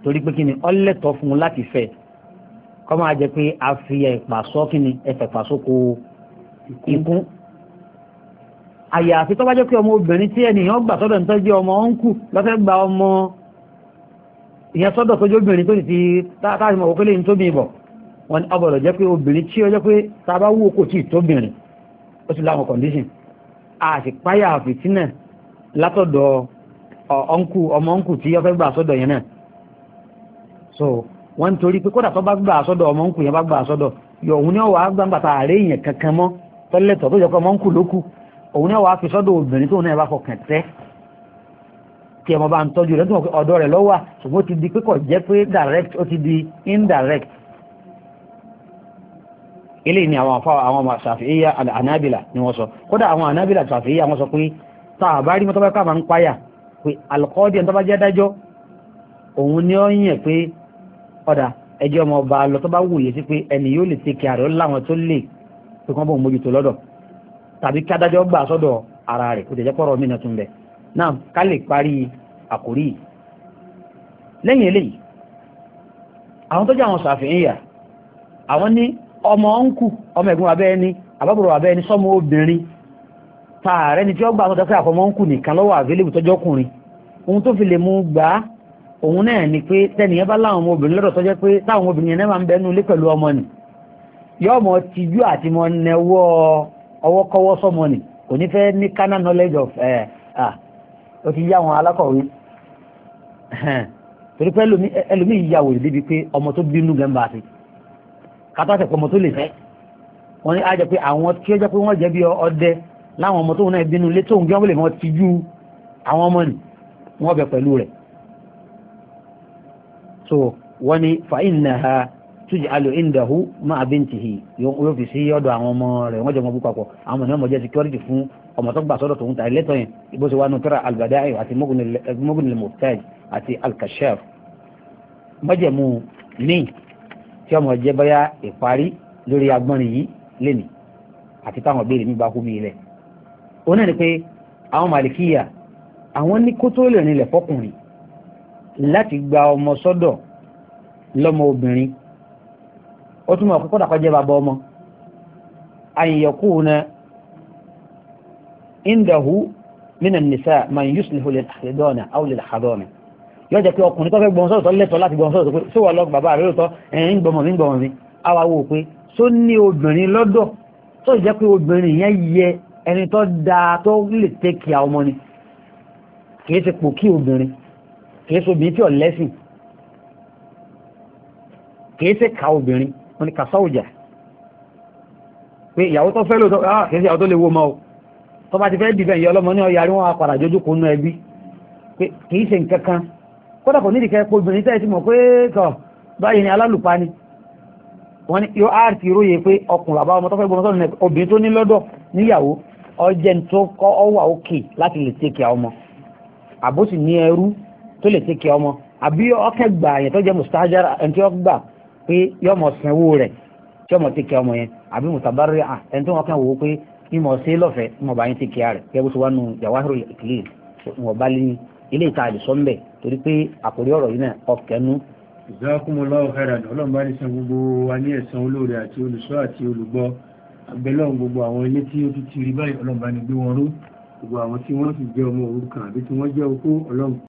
torí pé kí ni ọlẹ́tọ̀ fún un láti fẹ́ kọ́ máa jẹ pé a fi ẹ̀pàṣọ kí ni ẹ̀fẹ̀pàṣọ kó ikún àyàfi tó bá jẹ́ pé ọmọ obìnrin tí ènìyàn gbà sọ́dọ̀ nítorí jẹ́ ọmọ ọ̀nkù lọ́fẹ́ gba ọmọ ìyẹn sọ́dọ̀ sójú obìnrin tó ti táàtà ìmọ̀ òkèlè ní tóbi ìbọ̀ wọn ní ọbọ̀lọ̀ jẹ́ pé obìnrin tí ó jẹ́ pé ta bá wò kò tí ì tóbìnrin ó ti láwọn condition a sì páyà fìtínà látọ̀dọ̀ ọ̀nkù ọmọ ọ̀nkù tí ó fẹ́ gbà sọ́dọ̀ yẹn náà so wọ́n torí pé kódà tó bá gbà sọ́dọ̀ ọmọ ọ̀nkù yẹn bá gbà sọ́dọ̀ yọ òun ní ọ̀wà gbàǹgbà tá àárẹ̀ èèyàn kankan mọ́ tọ́lẹ̀tọ̀ tó jẹ́ pé ọmọ ọ̀nkù ló kù òun ní ọ̀wà fi sọ́dọ̀ obìnrin tóun náà bá fọkàn tẹ́ kí ẹ mọ bá ń tọ́jú rẹ̀ tó mọ̀ pé ọ̀dọ̀ rẹ̀ lọ́wọ́ ṣùgbọ́n ó ti di pé kò jẹ́ pé direct ó ti di indirect eléyìí ni àwọn àfáà àwọn ṣàfihíyà ànábìlà ni wọ́n sọ kódà àwọn ànábìlà ṣàfihíyà wọ́n sọ pé tá a bá rí mọ́tọ́ bá ká máa ń páyà pé alkọ́ọ̀dì ẹni tó bá jẹ́ dájọ́ òun ni ó yàn pé ọ̀dà ẹjẹ́ ọmọ ọba lọ tó bá wòye sí pé ẹni yóò lè tẹ̀kẹ́ àrẹ láwọn tó lè pé kí wọ́n bóun mójútó lọ́dọ̀ tàbí kí adájọ́ gbà sọ́dọ̀ ara rẹ̀ kó tẹ̀jẹ́ pọ̀rọ̀ mí tún bẹ̀ náà ká lè parí àkórí lẹ́yìn eléyìí àwọn tó jẹ́ àwọn ṣàfihíyà àwọn ní ọmọ ọ̀nkù ọmọ ẹ̀gbọ́n abẹ́ ẹni àbábòrò abẹ́ ẹni sọ́mọ obìnrin tààrẹ ni tí ó gbà àwọn tọ́sí àfọmọ́ ọ̀nkù nìkan lọ́wọ́ àvélébù tọ́jọ́ ọkùnrin ohun tó fi lè mú gbà á òun náà ni pé tẹ́nìyàn bá láwọn ọmọ obìnrin lọ́dọ̀ tọ́jọ́ pé táwọn obìnrin yẹn máa ń bẹnu ilé pẹ̀lú ọmọ nì yóò tijú àti mọ nẹwọ́ ọwọ́kọ́wọ́ sọmọ nì kò ní fẹ́ ní carnal knowledge of eh, ah ó ti yá àwọn alákọ̀wé torí pé ẹlòmíì yà wòlé débi pé ọmọ kátó àti pọmọ tó lè fẹ́ wọn ni a jẹ pé àwọn tí ó jẹ pé wọn jẹ bí ọdẹ láwọn ọmọ tóun náà bínú ilé tóun gbọ́n lè ti ju àwọn ọmọ nì wọn bẹ pẹ̀lú rẹ̀ so wọn ni fàáyìn náà ha tuji alo indahu ma abintihi yóò fi sí ọ̀dọ̀ àwọn ọmọ rẹ̀ wọ́n jẹ́ ọmọ púpọ̀ àwọn ọmọ ọmọ jẹ́ security fún ọmọ tó gbà sọ́dọ̀ tòun tàí lẹ́tọ̀ yẹn ibo sì wà nù tẹ́ra albadai àti mogunil murtaj àti alkashaf tí ọmọ jẹ́ bóyá ìparí lórí agbọ́nrin yìí lẹ́nì àti táwọn ìbéèrè mi bá kú mi lẹ̀. òun náà ni pé àwọn màlìkíyà àwọn ní kó tó lè rinlẹ̀ fọkùnrin láti gba ọmọ sọ́dọ̀ lọ́mọ obìnrin ó túmọ̀ kókó dàkọ́ jẹ́ bàbá ọmọ àyìnyẹ̀kú na indahu minan nisa man yuslihu lil akhidona aw lil khadona yóò jẹ́ pé ọkùnrin tó fẹ́ gbọmọ sọ́dọ̀ tó lẹ́tọ̀ọ́ láti gbọmọ sọ́dọ̀ pé ṣé wà lọ bàbá rẹ̀ lóòótọ́ ẹ̀yìn gbọmọ mi gbọmọ mi àwa wò pé tó ní obìnrin lọ́dọ̀ tó jẹ́ pé obìnrin yẹn yẹ ẹni tó dáa tó lè tẹ́kì àwọn ọmọ ni kìí ṣe pò kí obìnrin kìí ṣe obìnrin tí ò lẹ́sìn kìí ṣe ka obìnrin wọn ni kàṣà òjà pé ìyàwó tó fẹ́ lóòótọ́ ah kìí ṣe ìyàwó tó lè wo ọmọ o tó bá ti fẹ́ dìbẹ̀ ìyá ọlọ́mọ kódà kò nídìí kẹ́kọ̀ọ́ obìnrin tẹ́ ẹ ti mọ̀ pé tọ̀ báyìí ni alálùpá ni wọ́n ní yóò áàrì ti róye pé ọkùnrin àbá ọmọ tó fẹ́ gbọmọ sọ́dún náà obìnrin tó ní lọ́dọ̀ níyàwó ọjẹ́ ní tó kọ́ ọwà òkè láti lè tẹ́kì ọmọ àbó sì ní ẹrú tó lè tẹ́kì ọmọ àbí ọkẹ́ gbà yẹn tó jẹ́ mustajara ẹni tí wọ́n gbà pé yọmọ sanwó rẹ̀ tí ọmọ tẹ́kì ọmọ yẹn àbí mùtàbárí ẹni tí wọ́n kàn wò ó pé ìmọ̀ sí ilé ìta àdìsọ́ ń bẹ̀ torí pé àkórí ọ̀rọ̀ yìí náà ọ̀kẹ́nu. ìzákùnmọ́láwọ̀ khairan ọlọ́run bá ní san gbogbo wa ní ẹ̀san olóore àti olùṣọ́ àti olùgbọ́ abẹ́lọ́run gbogbo àwọn ilé tí ó ti ti rí báyìí ọlọ́run bá ní gbé wọn ró gbogbo àwọn tí wọ́n sì jẹ́ ọmọ òrukàn àbí tí wọ́n jẹ́ opó ọlọ́run